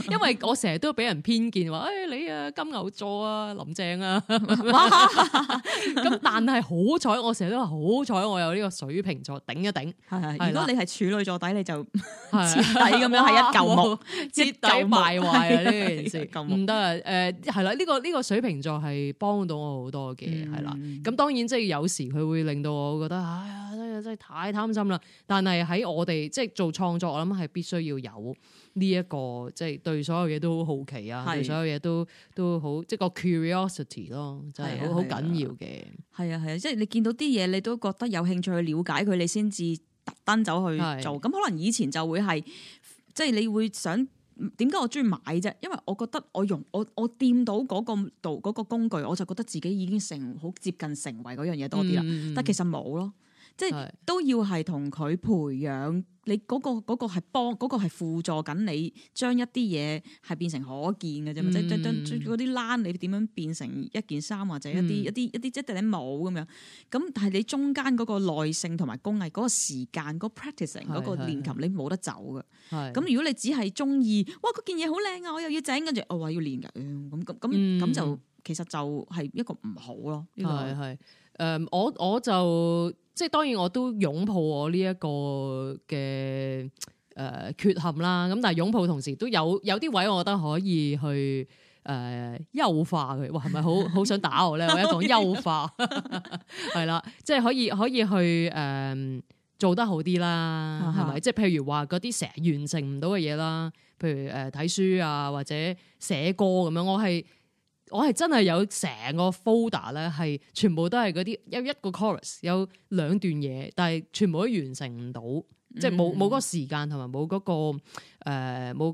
因為我成日都俾人偏見話，誒，你啊金牛座啊林鄭啊，咁但係好彩，我成日都話好彩，我有呢個水瓶座頂一頂。係係，如果你係處女座底，你就徹底咁樣係一嚿木，徹底敗壞呢件事。唔得誒，係啦，呢個呢個水瓶座係幫到我好多嘅，係啦。咁當然即係有。時佢會令到我覺得，哎呀，真係真係太貪心啦！但係喺我哋即係做創作，我諗係必須要有呢、這、一個，即係對所有嘢都好好奇啊，是對所有嘢都都好，即係個 curiosity 咯，真係好好緊要嘅、啊。係啊係啊，即係你見到啲嘢，你都覺得有興趣去了解佢，你先至特登走去做。咁、啊、可能以前就會係，即係你會想。點解我中意買啫？因為我覺得我用我我掂到嗰個度，嗰個工具，我就覺得自己已經成好接近成為嗰樣嘢多啲啦。嗯、但其實冇咯。即係都要係同佢培養你嗰個嗰個係幫嗰個係輔助緊你將一啲嘢係變成可見嘅啫，嘛。即即嗰啲欄你點樣變成一件衫或者一啲一啲一啲一頂帽咁樣，咁但係你中間嗰個耐性同埋工藝嗰個時間嗰個 practicing 嗰個練琴你冇得走嘅，咁如果你只係中意哇嗰件嘢好靚啊，我又要整，跟住我話要練噶，咁咁咁咁就其實就係一個唔好咯，係係誒我我就。即係當然我都擁抱我呢一個嘅誒缺陷啦，咁但係擁抱同時都有有啲位，我覺得可以去誒、呃、優化佢。哇，係咪好好想打我咧？ 我一講優化係啦，即係、 就是、可以可以去誒、呃、做得好啲啦，係咪？即係 譬如話嗰啲成日完成唔到嘅嘢啦，譬如誒睇書啊或者寫歌咁樣，我係。我係真係有成個 folder 咧，係全部都係嗰啲有一個 chorus，有兩段嘢，但係全部都完成唔到，嗯、即係冇冇嗰個時間同埋冇嗰個誒冇、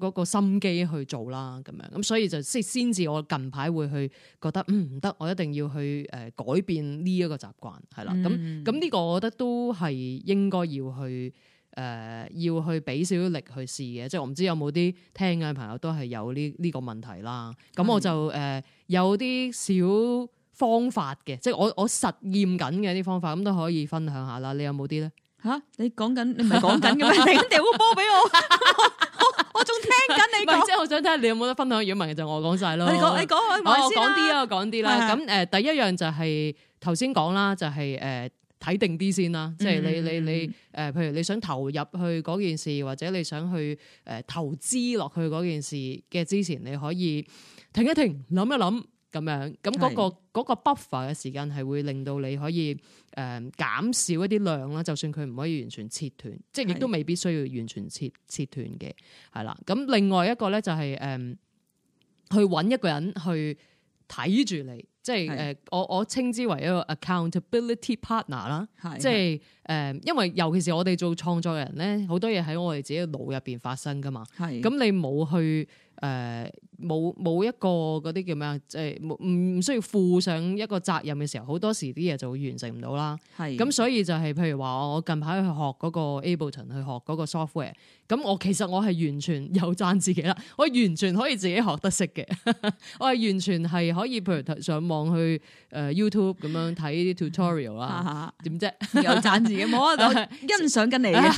呃、個心機去做啦，咁樣咁所以就即係先至我近排會去覺得唔得、嗯，我一定要去誒、呃、改變呢一個習慣係啦，咁咁呢個我覺得都係應該要去。誒、呃，要去俾少少力去試嘅，即係我唔知有冇啲聽嘅朋友都係有呢呢個問題啦。咁我就誒、呃、有啲小方法嘅，即係我我實驗緊嘅啲方法，咁都可以分享下啦。你有冇啲咧？吓、啊，你講緊你唔係講緊嘅咩？你丟波俾我，我仲聽緊你。即係 我想聽下你有冇得分享。如果唔係就我講晒咯。你講你講我講啲啊，講啲啦。咁誒，第一樣就係頭先講啦，就係、是、誒。呃睇定啲先啦，即係你你你，誒、呃、譬如你想投入去嗰件事，或者你想去誒、呃、投資落去嗰件事嘅之前，你可以停一停，諗一諗咁樣，咁、嗰、嗰個嗰、嗰個 buffer 嘅時間係會令到你可以誒減、呃、少一啲量啦。就算佢唔可以完全切斷，即係亦都未必需要完全切切斷嘅，係啦。咁另外一個咧就係、係、誒、呃、去揾一個人去睇住你。即係誒，是的 我我稱之為一個 accountability partner 啦是的，即係誒，因為尤其是我哋做創作嘅人咧，好多嘢喺我哋自己腦入邊發生噶嘛，咁是的 你冇去誒。呃冇冇一個啲叫咩啊？即係唔唔需要負上一個責任嘅時候，好多時啲嘢就會完成唔到啦。係，咁，所以就係、是、譬如話我近排去學個 Ableton，去學個 software。咁我其實我係完全有讚自己啦，我完全可以自己學得識嘅。 我係完全係可以，譬如上網去誒 YouTube 咁樣睇啲 tutorial 啦哈，點啫道？有 讚自己摸得到 欣賞緊你嘅，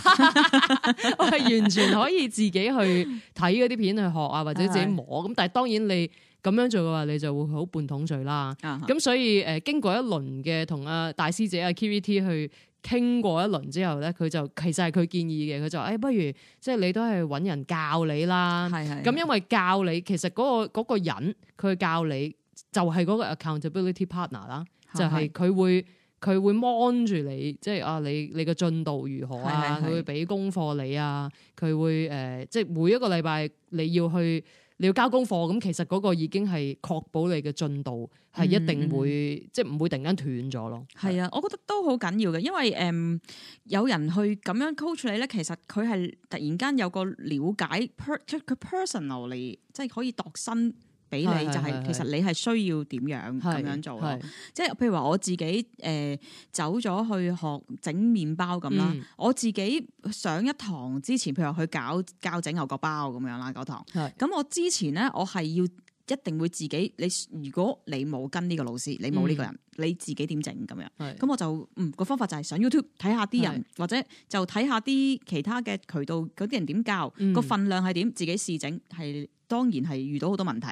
我係完全可以自己去睇啲片去學啊，或者自己摸咁。但係當然你咁樣做嘅話，你就會好半桶水啦。咁、啊嗯、所以誒、呃，經過一輪嘅同阿大師姐啊、KVT 去傾過一輪之後咧，佢就其實係佢建議嘅。佢就誒、哎，不如即係、就是、你都係搵人教你啦。係咁是因為教你，其實嗰、那個、那個人佢教你，就是、你，就係嗰個 accountability partner 啦，就係佢會佢會 mon 住你，即係啊，你你嘅進度如何啊？佢會俾功課你啊，佢會誒、呃，即係每一個禮拜你要去。你要交功課，咁其實嗰個已經係確保你嘅進度係、嗯、一定會，即係唔會突然間斷咗咯。係啊的，的我覺得都好緊要嘅，因為誒、呃、有人去咁樣 coach 你咧，其實佢係突然間有個了解 p per, 佢 personally 即係可以度身。俾你就係、是、其實你係需要點樣咁樣做，即係是是 譬如話我自己誒、呃、走咗去學整麵包咁啦，嗯、我自己上一堂之前，譬如話去教教整牛角包咁樣啦，個堂。咁是是 我之前咧，我係要一定會自己，你如果你冇跟呢個老師，你冇呢個人，嗯、你自己點整咁樣？咁、嗯、我就嗯、個方法就係上 YouTube 睇下啲人，是 或者就睇下啲其他嘅渠道嗰啲人點教，個、嗯、份量係點，自己試整係當然係遇到好多問題。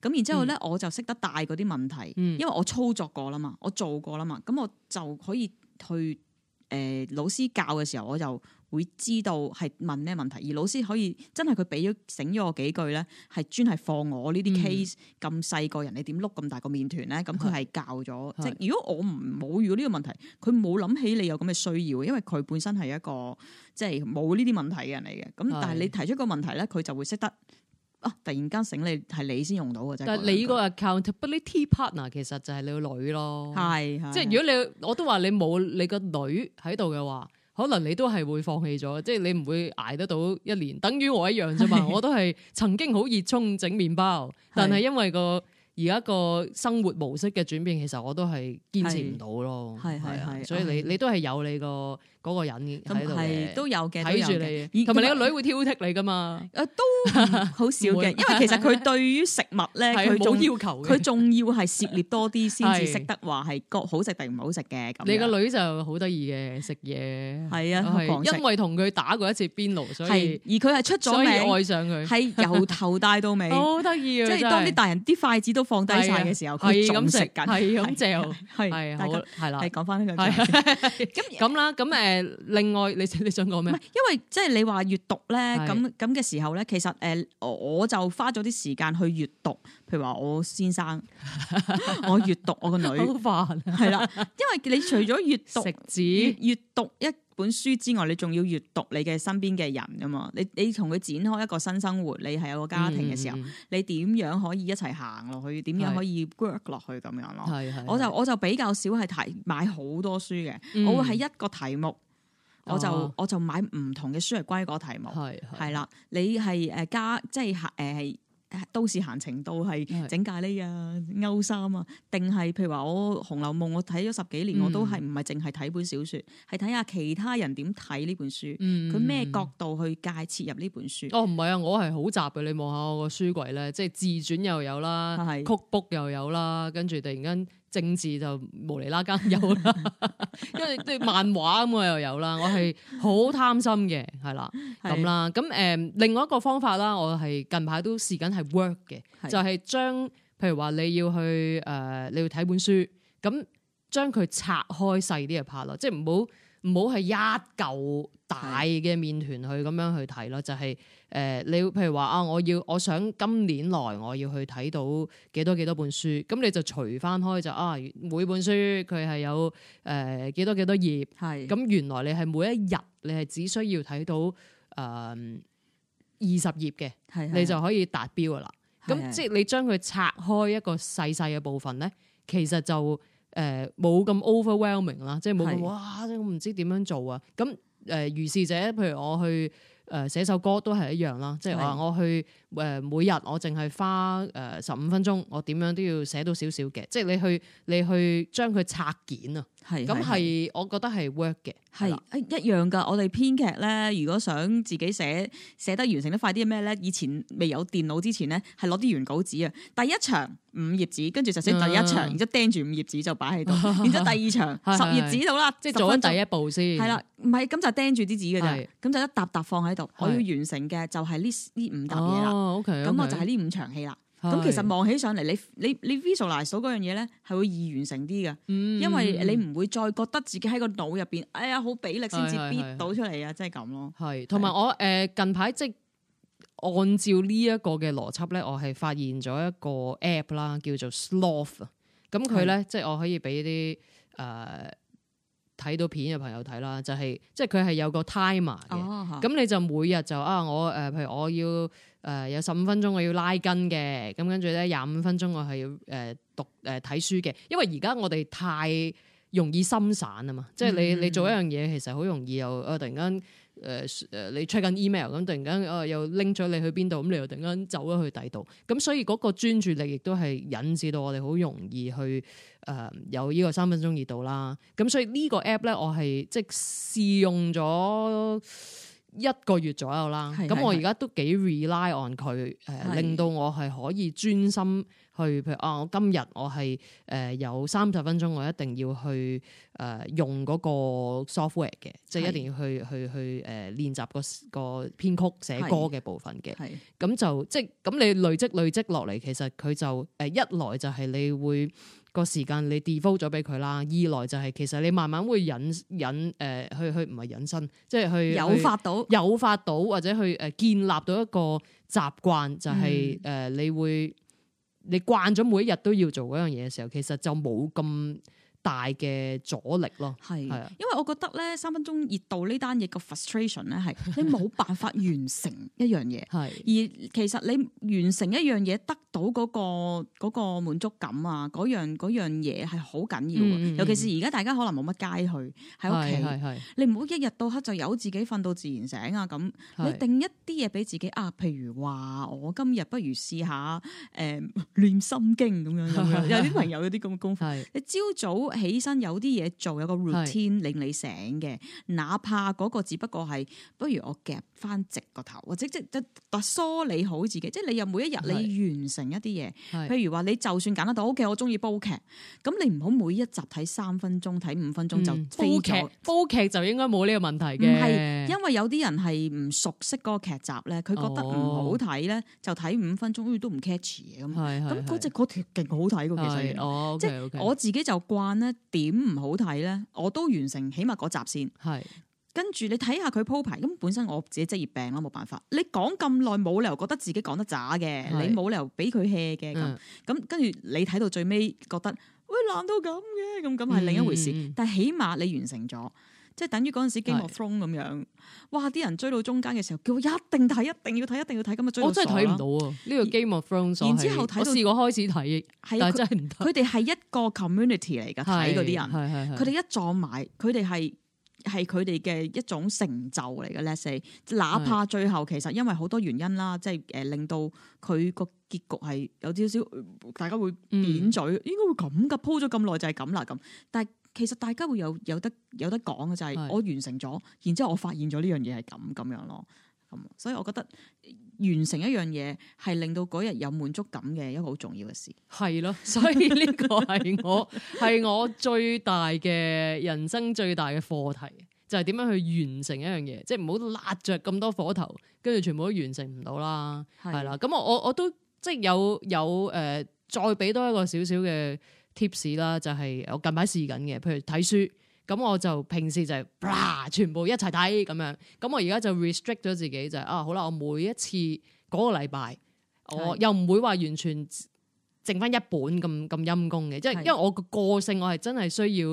咁然之後咧，我就識得帶嗰啲問題，嗯、因為我操作過啦嘛，我做過啦嘛，咁我就可以去誒、呃、老師教嘅時候，我就會知道係問咩問題。而老師可以真係佢俾咗醒咗我幾句咧，係專係放我 case，嗯、呢啲 case 咁細個人，你點碌咁大個麵團咧？咁佢係教咗。即係如果我唔冇遇到呢個問題，佢冇諗起你有咁嘅需要，因為佢本身係一個即係冇呢啲問題嘅人嚟嘅。咁但係你提出個問題咧，佢就會識得。啊，突然間醒你係你先用到嘅啫，但係是你依個 accountability partner 其實就係你個女咯，係，即係如果你我都話你冇你個女喺度嘅話，可能你都係會放棄咗，即係你唔會捱得到一年，等於我一樣啫嘛。是我都係曾經好熱衷整麵包，是但係因為個而家個生活模式嘅轉變，其實我都係堅持唔到咯，係係啊，是所以你你都係有你個。是是嗰個人喺度，係都有嘅睇住你，同埋你個女會挑剔你噶嘛？啊，都好少嘅，因為其實佢對於食物咧，佢冇要求，佢仲要係涉獵多啲先至識得話係個好食定唔好食嘅？咁你個女就好得意嘅食嘢，係啊，因為同佢打過一次邊爐，所以而佢係出咗名，愛上佢係由頭帶到尾，好得意。即係當啲大人啲筷子都放低曬嘅時候，係咁食緊，係咁嚼，係係啊，係啦，你講翻呢個咁咁啦，咁誒。另外，你你想講咩？因為即係你話閱讀咧，咁咁嘅時候咧，其實誒，我就花咗啲時間去閱讀。譬如話我先生，我閱讀我個女。好煩。係啦，因為你除咗閱讀，食指，閱讀一本書之外，你仲要閱讀你嘅身邊嘅人啊嘛。你你同佢展開一個新生活，你係有個家庭嘅時候，嗯、你點樣可以一齊行落去？點樣可以 work 落去咁樣咯？我就我就比較少係睇買好多書嘅，嗯、我會喺一個題目，我就我就買唔同嘅書嚟歸個題目，係係啦，你係誒加即係誒、呃、都市閒情度係整咖喱啊、勾衫啊，定係譬如話我《紅樓夢》，我睇咗十幾年，嗯、我都係唔係淨係睇本小說，係睇下其他人點睇呢本書，佢咩、嗯、角度去介切入呢本書？嗯嗯、哦，唔係啊，我係好雜嘅，你望下我個書櫃咧，即係自傳又有啦，曲譜又有啦，跟住突然間。政治就無厘啦間有啦， 因為啲漫畫咁我又有啦，我係好貪心嘅，係啦咁啦，咁誒是的 另外一個方法啦，我係近排都試緊係 work 嘅，就係、是、將譬如話你要去誒、uh，你要睇本書，咁將佢拆開細啲嘅拍啦，即係唔好。唔好係一嚿大嘅麵團去咁樣去睇咯，是的 就係、是、誒、呃、你譬如話啊，我要我想今年來我要去睇到幾多幾多本書，咁你就除返開就啊，每本書佢係有誒幾、呃、多幾多頁，係咁是的 原來你係每一日你係只需要睇到誒二十頁嘅，係是的 你就可以達標㗎喇。咁是的 即係你將佢拆開一個細細嘅部分咧，其實就。誒冇咁 overwhelming 啦，呃、over ming，即係冇咁哇！即係我唔知點樣做啊！咁誒，如、呃、是者，譬如我去誒、呃、寫首歌都係一樣啦，即係話我去。誒每日我淨係花誒十五分鐘，我點樣都要寫到少少嘅，即係你去你去將佢拆件啊，咁係我覺得係 work 嘅，係一樣噶。我哋編劇咧，如果想自己寫寫得完成得快啲，咩咧？以前未有電腦之前咧，係攞啲原稿紙啊，第一場五頁紙，跟住就寫第一場，然之後釘住五頁紙就擺喺度，然之後第二場十頁紙到啦，即係做緊第一步先，係啦，唔係咁就釘住啲紙嘅咋，咁就一沓沓放喺度，我要完成嘅就係呢呢五沓嘢啦。OK，咁、okay. 我就係呢五場戲啦。咁是其實望起上嚟，你你你 visualize 嗰樣嘢咧，係會易完成啲嘅，嗯、因為你唔會再覺得自己喺個腦入邊，哎呀，好俾力先至 bit 到出嚟啊，就是呃，即係咁咯。係，同埋我誒近排即係按照呢一個嘅邏輯咧，我係發現咗一個 app 啦，叫做 Sloth。咁佢咧即係我可以俾啲誒睇到片嘅朋友睇啦，就係、是、即係佢係有個 timer 嘅、啊，咁你就每日就啊我誒譬如我要。誒、呃、有十五分鐘我要拉筋嘅，咁跟住咧廿五分鐘我係要誒、呃、讀誒睇、呃、書嘅，因為而家我哋太容易心散啊嘛，嗯、即係你你做一樣嘢其實好容易又突然間誒誒你 check 緊 email 咁、嗯，突然間啊、呃、又拎咗你去邊度，咁、嗯、你又突然間走咗去第度，咁、嗯、所以嗰個專注力亦都係引致到我哋好容易去誒、呃、有呢個三分鐘熱度啦。咁、嗯、所以呢個 app 咧，我係即係試用咗。一個月左右啦，咁是的 我而家都幾 rely on 佢，誒、呃、令到我係可以專心去，譬如啊，我今日我係誒、呃、有三十分鐘，我一定要去誒、呃、用嗰個 software 嘅，是的 即係一定要去去去誒、呃、練習個個編曲寫歌嘅部分嘅，咁是的 就即係咁你累積累積落嚟，其實佢就誒、呃、一來就係你會。個時間你 d e f u l 咗俾佢啦，二來就係其實你慢慢會引引誒、呃、去去唔係引生，即係去誘發到誘發到或者去誒、呃、建立到一個習慣，就係、是、誒、呃、你會你慣咗每一日都要做嗰樣嘢嘅時候，其實就冇咁。大嘅阻力咯，係，因為我覺得咧三分鐘熱度呢單嘢個 frustration 咧係你冇辦法完成一樣嘢，係。而其實你完成一樣嘢得到嗰個嗰個滿足感啊，嗰樣嘢係好緊要嘅。尤其是而家大家可能冇乜街去，喺屋企，係係係係，你唔好一日到黑就由自己瞓到自然醒啊咁。你定一啲嘢俾自己啊，譬如話我今日不如試下誒練心經咁樣樣。有啲朋友有啲咁嘅功夫，你朝早。起身有啲嘢做，有個 routine 令你醒嘅，哪怕、嗰個只不過係，不如我夾翻直個頭，或者即係得梳理好自己，即係你又每一日你完成一啲嘢，是譬如話你就算揀得到，O、OK, K，我中意煲劇，咁你唔好每一集睇三分鐘，睇五分鐘就煲劇，煲劇、嗯、就應該冇呢個問題嘅。係因為有啲人係唔熟悉個劇集咧，佢覺得唔好睇咧，哦、就睇五分鐘，好似都唔 catch 嘢咁。係，咁嗰隻嗰條勁好睇噶，其實，是哦，okay, okay. 即係我自己就慣啦。點唔好睇咧？我都完成，起碼嗰集先。係是跟住你睇下佢鋪排。咁本身我自己職業病啦，冇辦法。你講咁耐，冇理由覺得自己講得渣嘅，是你冇理由俾佢 hea 嘅。咁咁、嗯、跟住你睇到最尾，覺得喂，爛到咁嘅，咁咁係另一回事。嗯、但係起碼你完成咗。即係等於嗰陣時《Game of Thrones》咁樣，是哇！啲人追到中間嘅時候，叫我一定睇，一定要睇，一定要睇，咁啊追到晒。我真係睇唔到啊！呢、這個《Game of Thrones》然之後睇到，我試過開始睇，啊、但係真係唔得。佢哋係一個 community 嚟噶，睇嗰啲人，佢哋一撞埋，佢哋係係佢哋嘅一種成就嚟嘅。Let’s say，哪怕最後其實因為好多原因啦，即係誒令到佢個結局係有少少，大家會扁嘴，嗯、應該會咁噶，鋪咗咁耐就係咁啦咁，但係。但其實大家會有有得有得講嘅就係、是、我完成咗，是的 然之後我發現咗呢樣嘢係咁咁樣咯，咁所以我覺得、呃、完成一樣嘢係令到嗰日有滿足感嘅一個好重要嘅事。係咯，所以呢個係我係我最大嘅人生最大嘅課題，就係點樣去完成一樣嘢，即係唔好揦着咁多火頭，跟住全部都完成唔到啦，係啦。咁我我我都即係有有誒、呃，再俾多一個少少嘅。tips 啦，就係我近排試緊嘅，譬如睇書，咁我就平時就係、是，全部一齊睇咁樣，咁我而家就 restrict 咗自己，就係、啊好啦，我每一次嗰、嗰個禮拜，我又唔會話完全剩翻一本咁咁陰功嘅，即係是的 因為我個個性，我係真係需要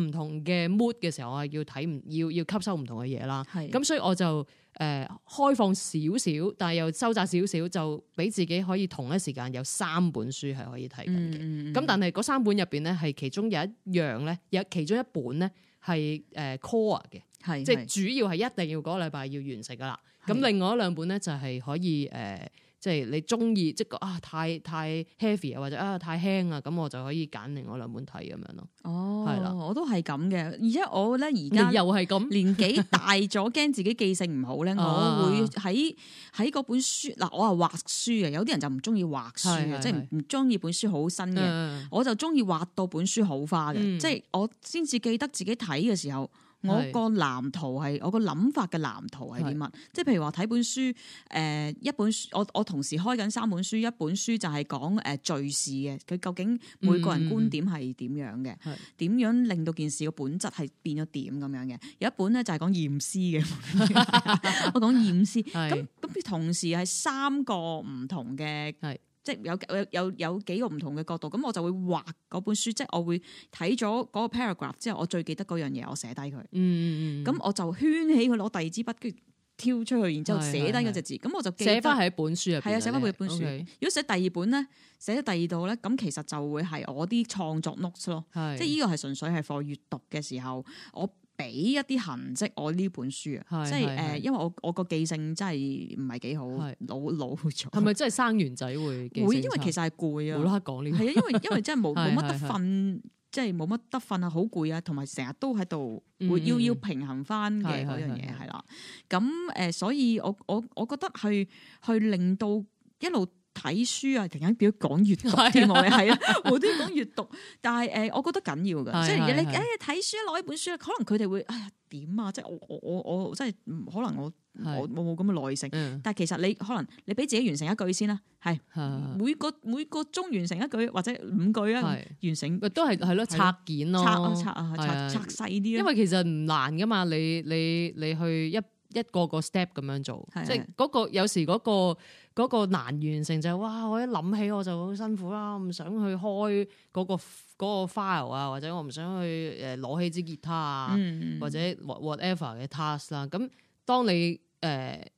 唔同嘅 mood 嘅時候，我係要睇唔要要吸收唔同嘅嘢啦，咁是的 所以我就。誒、呃、開放少少，但係又收窄少少，就俾自己可以同一時間有三本書係可以睇緊嘅。咁、嗯嗯嗯、但係嗰三本入邊咧，係其中有一樣咧，有其中一本咧係誒 core 嘅，的即係主要係一定要嗰個禮拜要完成噶啦。咁的另外一兩本咧就係可以誒。呃即係你中意，即係啊太太 heavy 啊，或者啊太輕啊，咁我就可以揀另外兩本睇咁樣咯。哦，係啦了，我都係咁嘅。而且我咧而家又係咁年紀大咗，驚 自己記性唔好咧、哦啊，我會喺喺嗰本書嗱，我係畫書嘅，有啲人就唔中意畫書，即係唔唔中意本書好新嘅，我就中意畫到本書好花嘅，即係、嗯、我先至記得自己睇嘅時候。我個藍圖係我個諗法嘅藍圖係點呀？即係是 譬如話睇本書，誒，一本書我我同時開緊三本書，一本書就係講誒敘事嘅，佢究竟每個人觀點係點樣嘅？點、嗯、樣令到件事嘅本質係變咗點咁樣嘅？是 有一本咧就係講驗屍嘅， 我講驗屍，咁咁是 同時係三個唔同嘅。即有有有幾個唔同嘅角度，咁我就會畫嗰本書，即係我會睇咗嗰個 paragraph 之後，我最記得嗰樣嘢，我寫低佢。嗯，咁我就圈起佢，攞第二支筆跟住挑出去，然之後寫低嗰隻字。咁我就寫翻喺本書入邊。係啊，寫翻喺本書。如果寫第二本咧，寫咗第二度咧，咁其實就會係我啲創作 notes 咯的。即係呢個係純粹係放閱讀嘅時候我。俾一啲痕跡，我呢本書啊，即係誒，因為我我個記性真係唔係幾好，老老咗。係咪真係生完仔會？會因為其實係攰啊。冇啦，講呢。係啊，因為因為真係冇冇乜得瞓，即係冇乜得瞓啊，好攰啊，同埋成日都喺度，要要平衡返嘅嗰樣嘢係啦。咁誒，所以我我我覺得去去令到一路。睇書啊，突然間變講閱讀之外，係啊，我都要講閱讀。但係誒，我覺得緊要㗎，即係你誒睇書攞呢本書咧，可能佢哋會點啊？即係我我我我真係可能我我冇咁嘅耐性。是啊、但係其實你可能你俾自己完成一句先啦，係是、啊、每個每個鐘完成一句或者五句是啊，完成。都係係咯，拆件咯，拆啊拆啊拆細啲。拆因為其實唔難㗎嘛，你你你，你去一。一個個 step 咁樣做，的即係嗰、嗰個有時嗰、嗰個嗰、嗰個、難完成就係、是、哇！我一諗起我就好辛苦啦，我唔想去開嗰、嗰個 file 啊、嗰個，或者我唔想去誒攞起支吉他啊，嗯嗯或者 whatever 嘅 task 啦。咁當你誒、呃，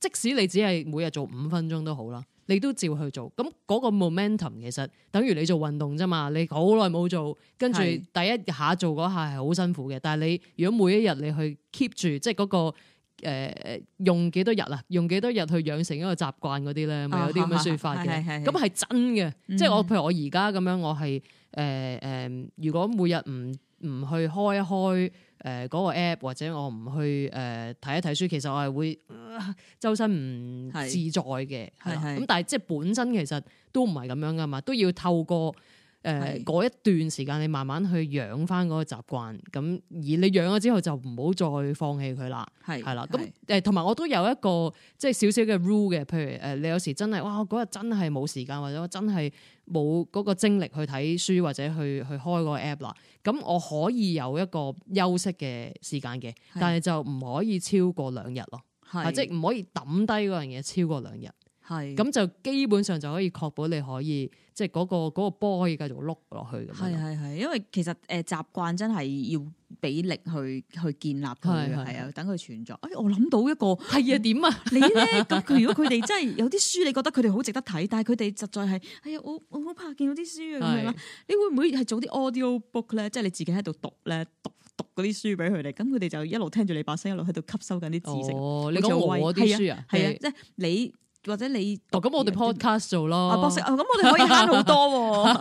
即使你只係每日做五分鐘都好啦。.你都照去做，咁、那、嗰個 momentum 其實等於你做運動啫嘛，你好耐冇做，跟住第一下做嗰下係好辛苦嘅。但係你如果每一日你去 keep 住，即係嗰、那個誒、呃、用幾多日啊，用幾多日去養成一個習慣嗰啲咧，咪有啲咁嘅説法嘅。咁係、哦、真嘅，嗯、即係我譬如我而家咁樣，我係誒誒，如果每日唔唔去開一開。誒嗰、呃嗰個 app 或者我唔去誒睇，呃、一睇書，其實我係會、呃、周身唔自在嘅，係咁是吧、嗯、但係即係本身其實都唔係咁樣噶嘛，都要透過。誒，嗰、呃、一段時間你慢慢去養翻嗰個習慣，咁而你養咗之後就唔好再放棄佢啦。係啦是，咁誒，同埋、呃、我都有一個即係少少嘅 rule 嘅，譬如誒，你有時真係哇，嗰日真係冇時間，或者我真係冇嗰個精力去睇書或者去去開個 app 啦。咁我可以有一個休息嘅時間嘅，是的 但係就唔可以超過兩日咯。係即係唔可以抌低嗰樣嘢超過兩日。係咁就基本上就可以確保你可以即係嗰個個波可以繼續碌落去。係係係，因為其實誒，習慣真係要俾力去去建立佢嘅，係啊，等佢存在。哎，我諗到一個係啊，點啊？你咧咁？如果佢哋真係有啲書，你覺得佢哋好值得睇，但係佢哋實在係，哎呀，我我好怕見到啲書啊咁樣。你會唔會係做啲 audio book 咧？即係你自己喺度讀咧，讀讀嗰啲書俾佢哋，咁佢哋就一路聽住你把聲，一路喺度吸收緊啲知識。你做我啲書啊？係啊，即係你。或者你咁，哦、我哋 podcast 做咯。啊，博士，咁、哦、我哋可以慳好多，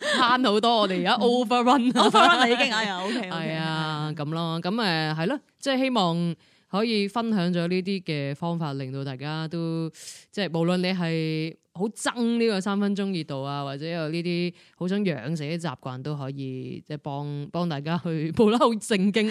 慳好 多我。我哋而 家 overrun，overrun 啦已經。係、哎呀、okay, okay, 啊，咁、嗯、咯，咁誒、係、嗯、咯，即係希望可以分享咗呢啲嘅方法，令到大家都即係，無論你係。好憎呢個三分鐘熱度啊，或者有呢啲好想養成啲習慣都可以，即係幫幫大家去報得好正經，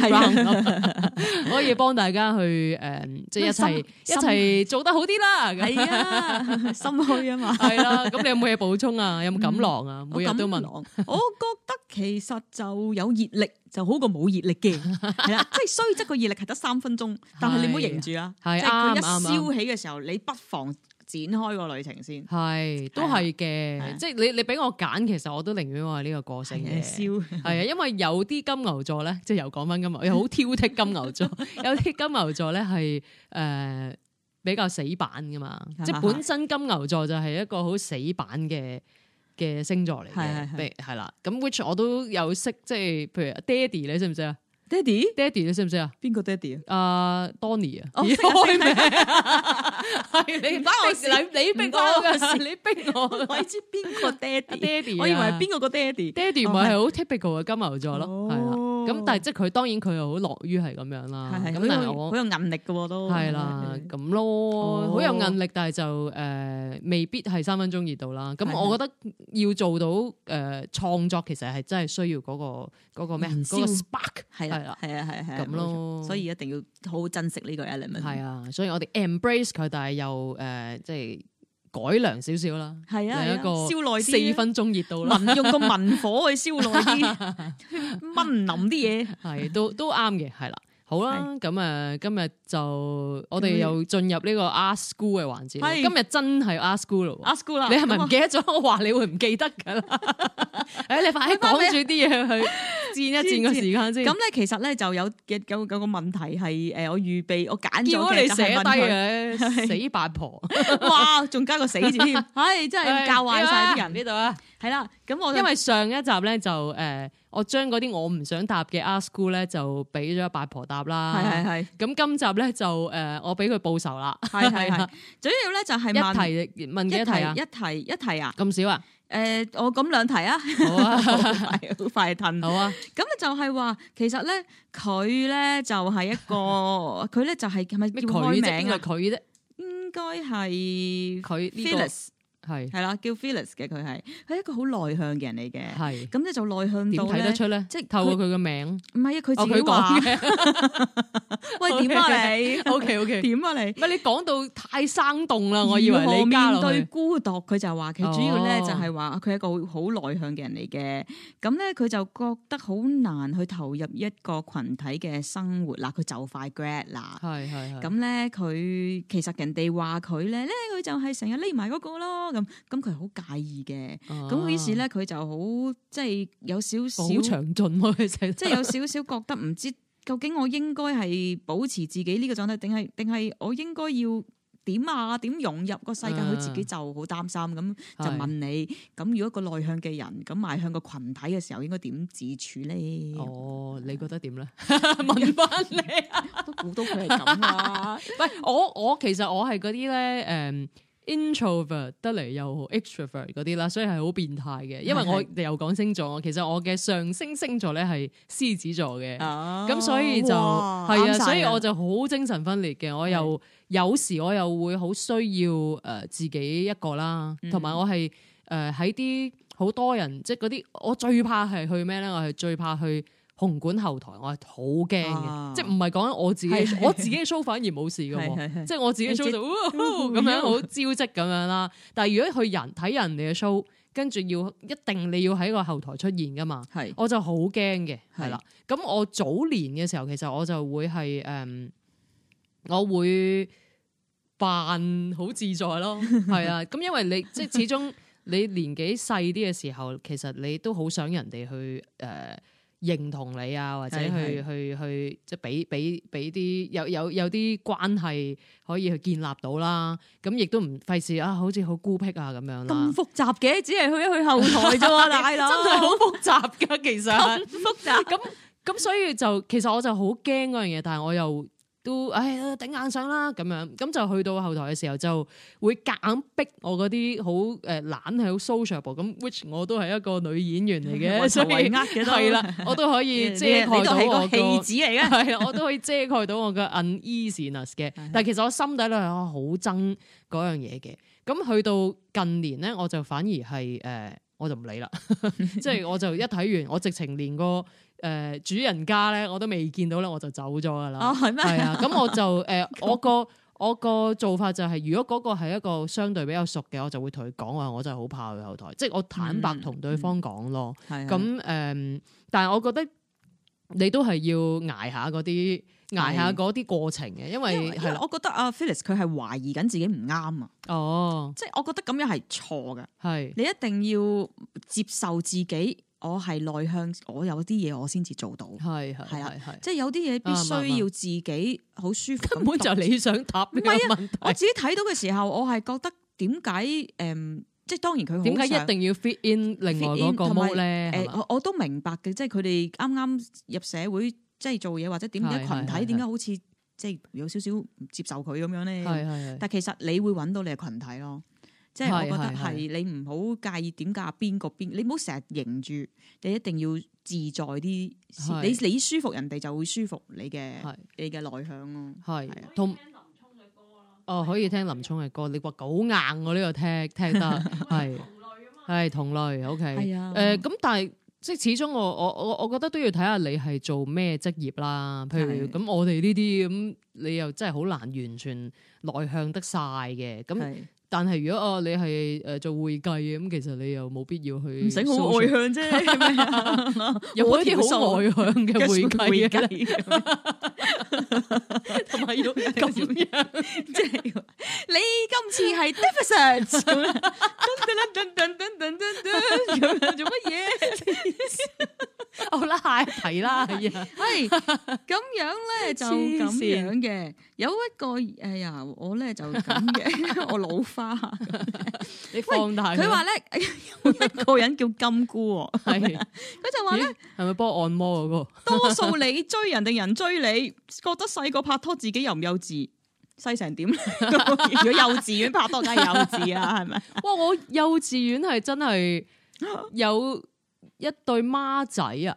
可以幫大家去誒，即係是的笑、um, 一齊心一齊做得好啲啦。係啊，心虛啊嘛。係啊，咁你有冇嘢補充啊？有冇錦囊啊？嗯、每日都問狼。我，感我覺得其實就有熱力就好過冇熱力嘅，係啊，即係雖則個熱力係得三分鐘，但係你唔好認住啊。係啱啱一燒起嘅時候，你不妨，展開個旅程先，係都係嘅，的的即係你你俾我揀，其實我都寧願我係呢個個性嘅。係啊，因為有啲金牛座咧，即係又講翻金牛， 又好挑剔金牛座，有啲金牛座咧係誒比較死板噶嘛，吧即係本身金牛座就係一個好死板嘅嘅星座嚟嘅，係係係啦，咁 which 的的我都有識，即係譬如爹哋你識唔識啊？爹哋，爹哋，你識唔識啊？邊個爹哋啊？阿 Donny 啊？我識咩？係你唔關我事，你你逼我嘅事，你逼我。我知邊個爹哋？爹哋，我以為邊個個爹哋？爹哋唔係好 typical 嘅金牛座咯，係啊，咁但係即係佢，當然佢又好樂於係咁樣啦。咁但係我好有韌力嘅喎，都係啦，咁咯，好有韌力，但係就誒，未必係三分鐘熱度啦。咁我覺得。要做到誒創作，其實係真係需要嗰個嗰個咩啊？嗰個 spark 係啦，係啊，係係咁咯。所以一定要好好珍惜呢個 element。係啊，所以我哋 embrace 佢，但係又誒，即係改良少少啦。係啊，一個燒耐四分鐘熱度啦，用個文火去燒耐啲，燜腍啲嘢。係都都啱嘅，係啦。好啦，咁啊，今日就我哋又進入呢個 Ask School 嘅環節。今日真係 Ask School 啦，Ask School 啦，你係咪唔記得咗我話你會唔記得噶？哎，你快啲講住啲嘢去，戰一戰個時間先。咁咧，其實咧就有幾有有個問題係誒，我預備我揀咗你寫低嘅死八婆，哇，仲加個死字添，唉，真係教壞晒啲人呢度啊！係啦，咁我因為上一集咧就誒。我將嗰啲我唔想答嘅 ASKGOO 咧就俾咗八婆答啦。係係係。咁今集咧就誒、呃，我俾佢報仇啦。係係係。主要咧就係問題問幾題啊？一題一題，一題啊？咁少啊？誒、欸，我咁兩題啊。好啊。 快吞。快好啊。咁就係話，其實咧佢咧就係、是、一個，佢咧就係係咪叫開名啊？佢啫。應該係佢係係啦，叫 Phyllis 嘅佢係，係一個好內向嘅人嚟嘅。係咁。即係做內向點睇得出咧？即係透過佢個名，唔係啊，佢自己講嘅。喂，點啊你？OK OK，點啊你？唔係你講到太生動啦，我以為你面對孤獨？佢就話，佢主要咧就係話，佢係一個好內向嘅人嚟嘅。咁咧，佢就覺得好難去投入一個群體嘅生活啦。佢就快 grad 啦。係係。咁咧，佢其實人哋話佢咧咧，佢就係成日匿埋個咯。咁咁佢好介意嘅，咁、啊、於是咧佢就好即係有少少好長進咯，即係有少少覺得唔知究竟我應該係保持自己呢個狀態，定係定係我應該要點啊？點融入個世界？佢、啊、自己就好擔心，咁是的 就問你。咁如果個內向嘅人咁邁向個群體嘅時候，應該點自處咧？哦，你覺得點咧？ 問翻你都估 到佢係咁啊！ 喂，我我其實我係嗰啲咧誒。呃嗯 introvert 得嚟又 extrovert 嗰啲啦，vert, vert, 所以係好變態嘅。因為我哋又講星座，其實我嘅上升星座咧係獅子座嘅，咁、oh, 所以就係啊，所以我就好精神分裂嘅。我又有，的有時我又會好需要誒自己一個啦，同埋我係誒喺啲好多人，即係嗰啲我最怕係去咩咧？我係最怕去。紅館後台我，我係好驚嘅，即係唔係講緊我自己，我自己 show 反而冇事嘅，即係我自己 show 就咁樣好招積咁樣啦。但係如果去人睇人哋嘅 show，跟住要一定你要喺個後台出現噶嘛，是是我就好驚嘅係啦。咁是是 我早年嘅時候，其實我就會係誒、呃，我會扮好自在咯，係啊。咁因為你即係 始終你年紀細啲嘅時候，其實你都好想人哋去誒。呃認同你啊，或者去是是去去即係俾俾俾啲有有有啲關係可以去建立到啦，咁亦都唔費事啊，好似好孤僻啊咁樣啦。咁複雜嘅，只係去一去後台咋嘛？ 大佬哥 真係好複雜噶，其實咁複雜咁咁， 所以就其實我就好驚嗰樣嘢，但係我又。都唉，頂硬上啦咁樣，咁就去到後台嘅時候，就會夾硬逼我嗰啲好誒懶係好 sociable 咁 which 我都係一個女演員嚟嘅，所以係啦，我都可以遮你都係個戲子嚟嘅，係我都可以遮蓋到我嘅 uneasiness 嘅，但係其實我心底裏係好憎嗰樣嘢嘅。咁去到近年咧，我就反而係誒，我就唔理啦，即係 我就一睇完，我直情連個。誒，主人家咧，我都未見到咧，我就走咗噶啦。哦，係咩？係啊，咁我就誒，我個我個做法就係，如果嗰個係一個相對比較熟嘅，我就會同佢講啊，我真係好怕佢後台，即係我坦白同對方講咯。係咁誒，但係我覺得你都係要挨下嗰啲，挨下嗰啲過程嘅，因為係啦。我覺得阿 Phyllis 佢係懷疑緊自己唔啱啊。哦，即係我覺得咁樣係錯嘅。係，你一定要接受自己。我係內向，我有啲嘢，我先至做到，係係係係，即係有啲嘢必須要自己好舒服，根本就係你想搭。唔係啊，我自己睇到嘅時候，我係覺得點解誒，即係當然佢點解一定要 fit in 另外嗰個 model 咧？誒，我我都明白嘅，即係佢哋啱啱入社會，即係做嘢或者點解群體點解好似即係有少少唔接受佢咁樣咧？係係，但其實你會揾到你嘅群體咯。即係我覺得係你唔好介意點解邊個邊，你唔好成日凝住，你一定要自在啲。你是 你舒服，人哋就會舒服你嘅，是 你嘅內向咯。係同是 是、啊、林沖嘅歌哦，可以聽林沖嘅歌。你話好硬我、啊、呢、這個聽聽得係係 是同類。OK。誒是、啊呃，咁但係即係始終我我我我覺得都要睇下你係做咩職業啦。譬如咁，我哋呢啲咁，你又真係好難完全內向得晒嘅咁。但係如果哦，你係誒做會計咁，其實你又冇必要去唔使好外向啫，有嗰啲好外向嘅會計啊，同埋要咁樣，即係 你今次係 deficit 咁樣做，做乜嘢？好啦，係係啦，係。咁 樣咧就咁樣嘅，有一個哎呀，我咧就咁嘅， 我老花。你放大佢話咧，有 一個人叫金姑，係佢就話咧，係咪幫我按摩嗰、嗰個 多數你追人定人追你，覺得細個拍拖自己又唔幼稚，細成點？如果幼稚園拍拖梗係幼稚啊？係咪 哇！我幼稚園係真係有。一對孖仔啊，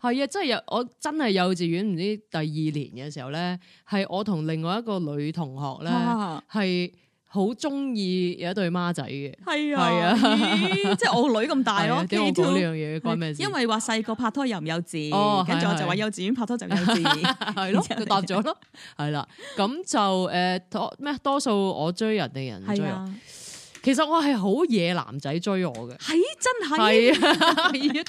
係啊，即係幼我真係幼稚園唔知第二年嘅時候咧，係我同另外一個女同學咧，係好中意有一對孖仔嘅，係啊，即係我女咁大咯。點解講呢樣嘢？關咩事？因為話細個拍拖又唔幼稚，跟住我就話幼稚園拍拖就幼稚，係咯，佢答咗咯，係啦，咁就誒咩？多數我追人哋人追。其實我係好惹男仔追我嘅，係真係，係啊，點解咧？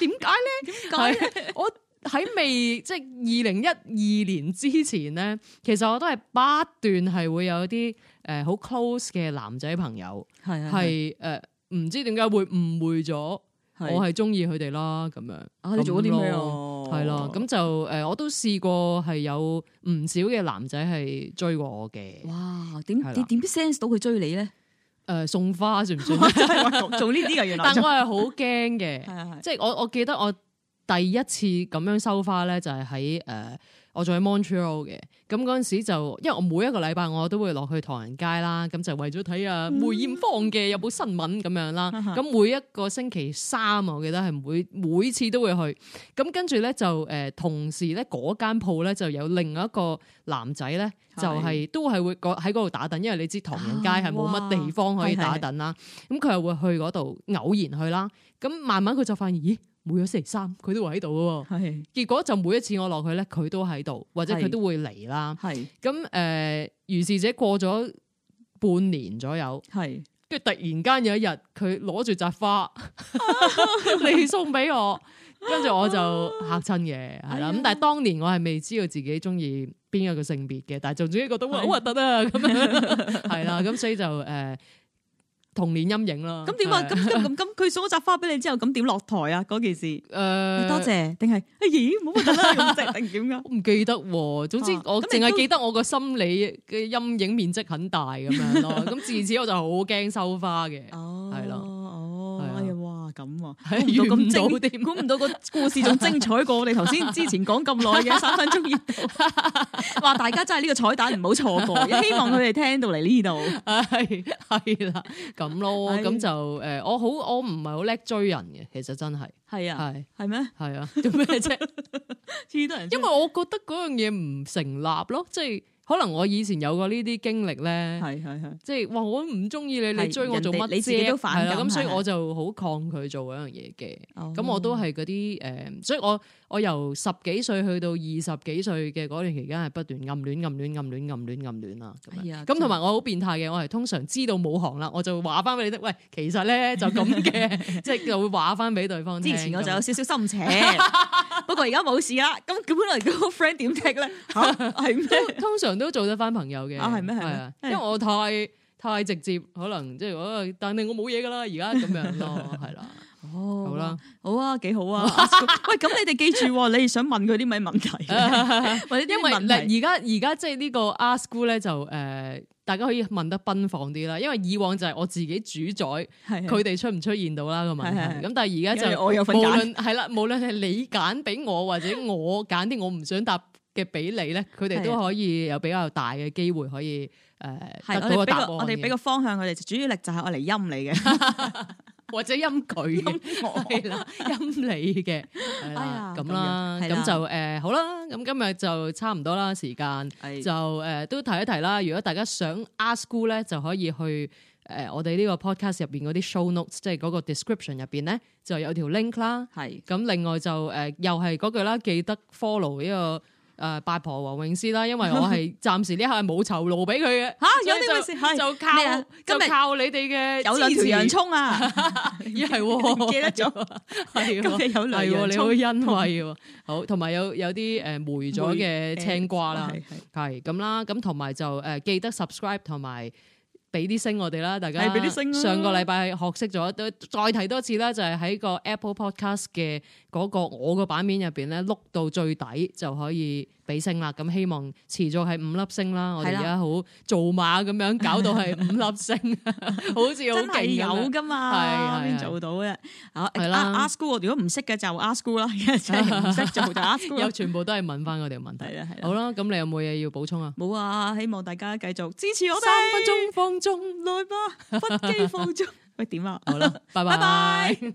點解咧？我喺未即係二零一二年之前咧，其實我都係不斷係會有一啲誒好、呃、close 嘅男仔朋友，係係誒唔知點解會誤會咗，是是我係中意佢哋啦，咁樣。啊，你做咗啲咩啊？係啦，咁就誒、呃、我都試過係有唔少嘅男仔係追過我嘅。哇，點點點 sense 到佢追你咧？誒、呃，送花算唔算？ 做呢啲嘅嘢？ 原來但我係好驚嘅，即係 我我記得我第一次咁樣收花咧，就係喺誒。呃我仲喺 Montreal 嘅，咁嗰陣時就，因為我每一個禮拜我都會落去唐人街啦，咁就為咗睇啊梅艷芳嘅有冇新聞咁樣啦，咁 每一個星期三我記得係每每次都會去，咁跟住咧就誒，同時咧嗰間鋪咧就有另外一個男仔咧，就是，就係是都係會喺嗰度打躉，因為你知唐人街係冇乜地方可以打躉啦，咁佢係會去嗰度偶然去啦，咁慢慢佢就發現。咦每個星期三，佢都會喺度咯，係，是的 結果就每一次我落去咧，佢都喺度，或者佢都會嚟啦，係，咁誒，於是者的 過咗半年左右，係，跟住突然間有一日，佢攞住扎花，你 送俾我，跟住我就嚇親嘅，係啦，咁但係當年我係未知道自己中意邊一個性別嘅，但係仲仲依覺得哇，好核突啊，咁樣係啦，咁所以就誒、呃。童年陰影啦，咁點啊？咁咁咁，佢送咗扎花俾你之後，咁點落台啊？嗰件事，誒、呃、多謝，定係誒咦冇乜啦咁即係點㗎？哎、 我唔記得喎，總之我淨係、啊、記得我個心理嘅陰影面積很大咁樣咯。咁 自此我就好驚收花嘅，哦， 係咯。咁喎，估唔到咁精，估唔到個故事仲精彩過我哋頭先之前講咁耐嘅三分鐘，熱話，大家真係呢個彩蛋唔好錯過，希望佢哋聽到嚟呢度，係係啦，咁咯，咁的就誒，我好，我唔係好叻追人嘅，其實真係係啊，係咩是？係啊嗎，做咩啫？似 得人，因為我覺得嗰樣嘢唔成立咯，即係。可能我以前有過呢啲經歷咧，係係即係我唔中意你，你追我做乜？你自己都反感，咁所以我就好抗拒做嗰樣嘢嘅。咁我都係嗰啲誒，所以我我由十幾歲去到二十幾歲嘅嗰段期間，係不斷暗戀、暗戀、暗戀、暗戀、暗戀啦。咁，同埋我好變態嘅，我係通常知道冇行啦，我就話翻俾你聽，喂，其實咧就咁嘅，即係就會話翻俾對方聽。之前我就有少少心情。 不過而家冇事啦，咁佢本來個 friend 點踢咧？好係咩？ 通常都做得翻朋友嘅。啊，係咩？係啊嗎，因為我太太直接，可能即係，但係我冇嘢噶啦，而家咁樣咯，係啦 對。哦，好啦吧，哦、好啊，幾好啊。Ask, 喂，咁你哋記住，你哋想問佢啲咩問題，或者啲咩問題？因為嗱，而家而家即係呢個 Ask 姑咧就誒。呃大家可以問得奔放啲啦，因為以往就係我自己主宰，佢哋的出唔出現到啦個問題。咁的但係而家就係我有份揀無論係啦， 無論係你揀俾我，或者我揀啲我唔想答嘅俾你咧，佢哋都可以有比較大嘅機會可以誒、呃、的得到個答案。我哋俾個，點 個方向佢哋， 主要力就係我嚟陰你嘅。 或者陰佢，係啦，陰你嘅，係啦，咁啦、哎呀，咁就誒、呃、好啦，咁今日就差唔多啦，時間是的 就誒、呃、都提一提啦。如果大家想 ask 咧，就可以去誒、呃、我哋呢個 podcast 入邊啲 show notes，即係嗰個 description 入邊咧，就有條 link 啦。係，咁另外就誒、呃、又係嗰句啦，記得 follow 呢、這個。誒、呃、八婆黃詠詩啦，因為我係暫時呢下係冇酬勞俾佢嘅嚇，有呢位就靠是就靠你哋嘅支持人充 啊，一係、啊 啊、記得咗，係咁嘅有兩條洋蔥，你好欣慰，好同埋有有啲誒黴咗嘅青瓜啦，係咁啦，咁同埋就誒記得 subscribe 同埋，俾啲星我哋啦，大家俾啲星我哋，上個禮拜學識咗，再提多一次啦，就係、是、喺個 Apple Podcast 嘅嗰個我個版面入面，咧，碌到最底就可以。俾星啦，咁希望持續係五粒星啦。我哋而家好做馬咁樣，搞到係五粒星，好似好勁有噶嘛，係邊做到啫？係啦，ASKGOO，如果唔識嘅就 ASKGOO 啦，即係唔識做就 ASKGOO。有全部都係問翻我哋問題咧，係啦。好啦，咁你有冇嘢要補充啊？冇啊，希望大家繼續支持我哋。三分鐘放縱，來吧，不羈放縱。喂，點啊？好啦，拜拜。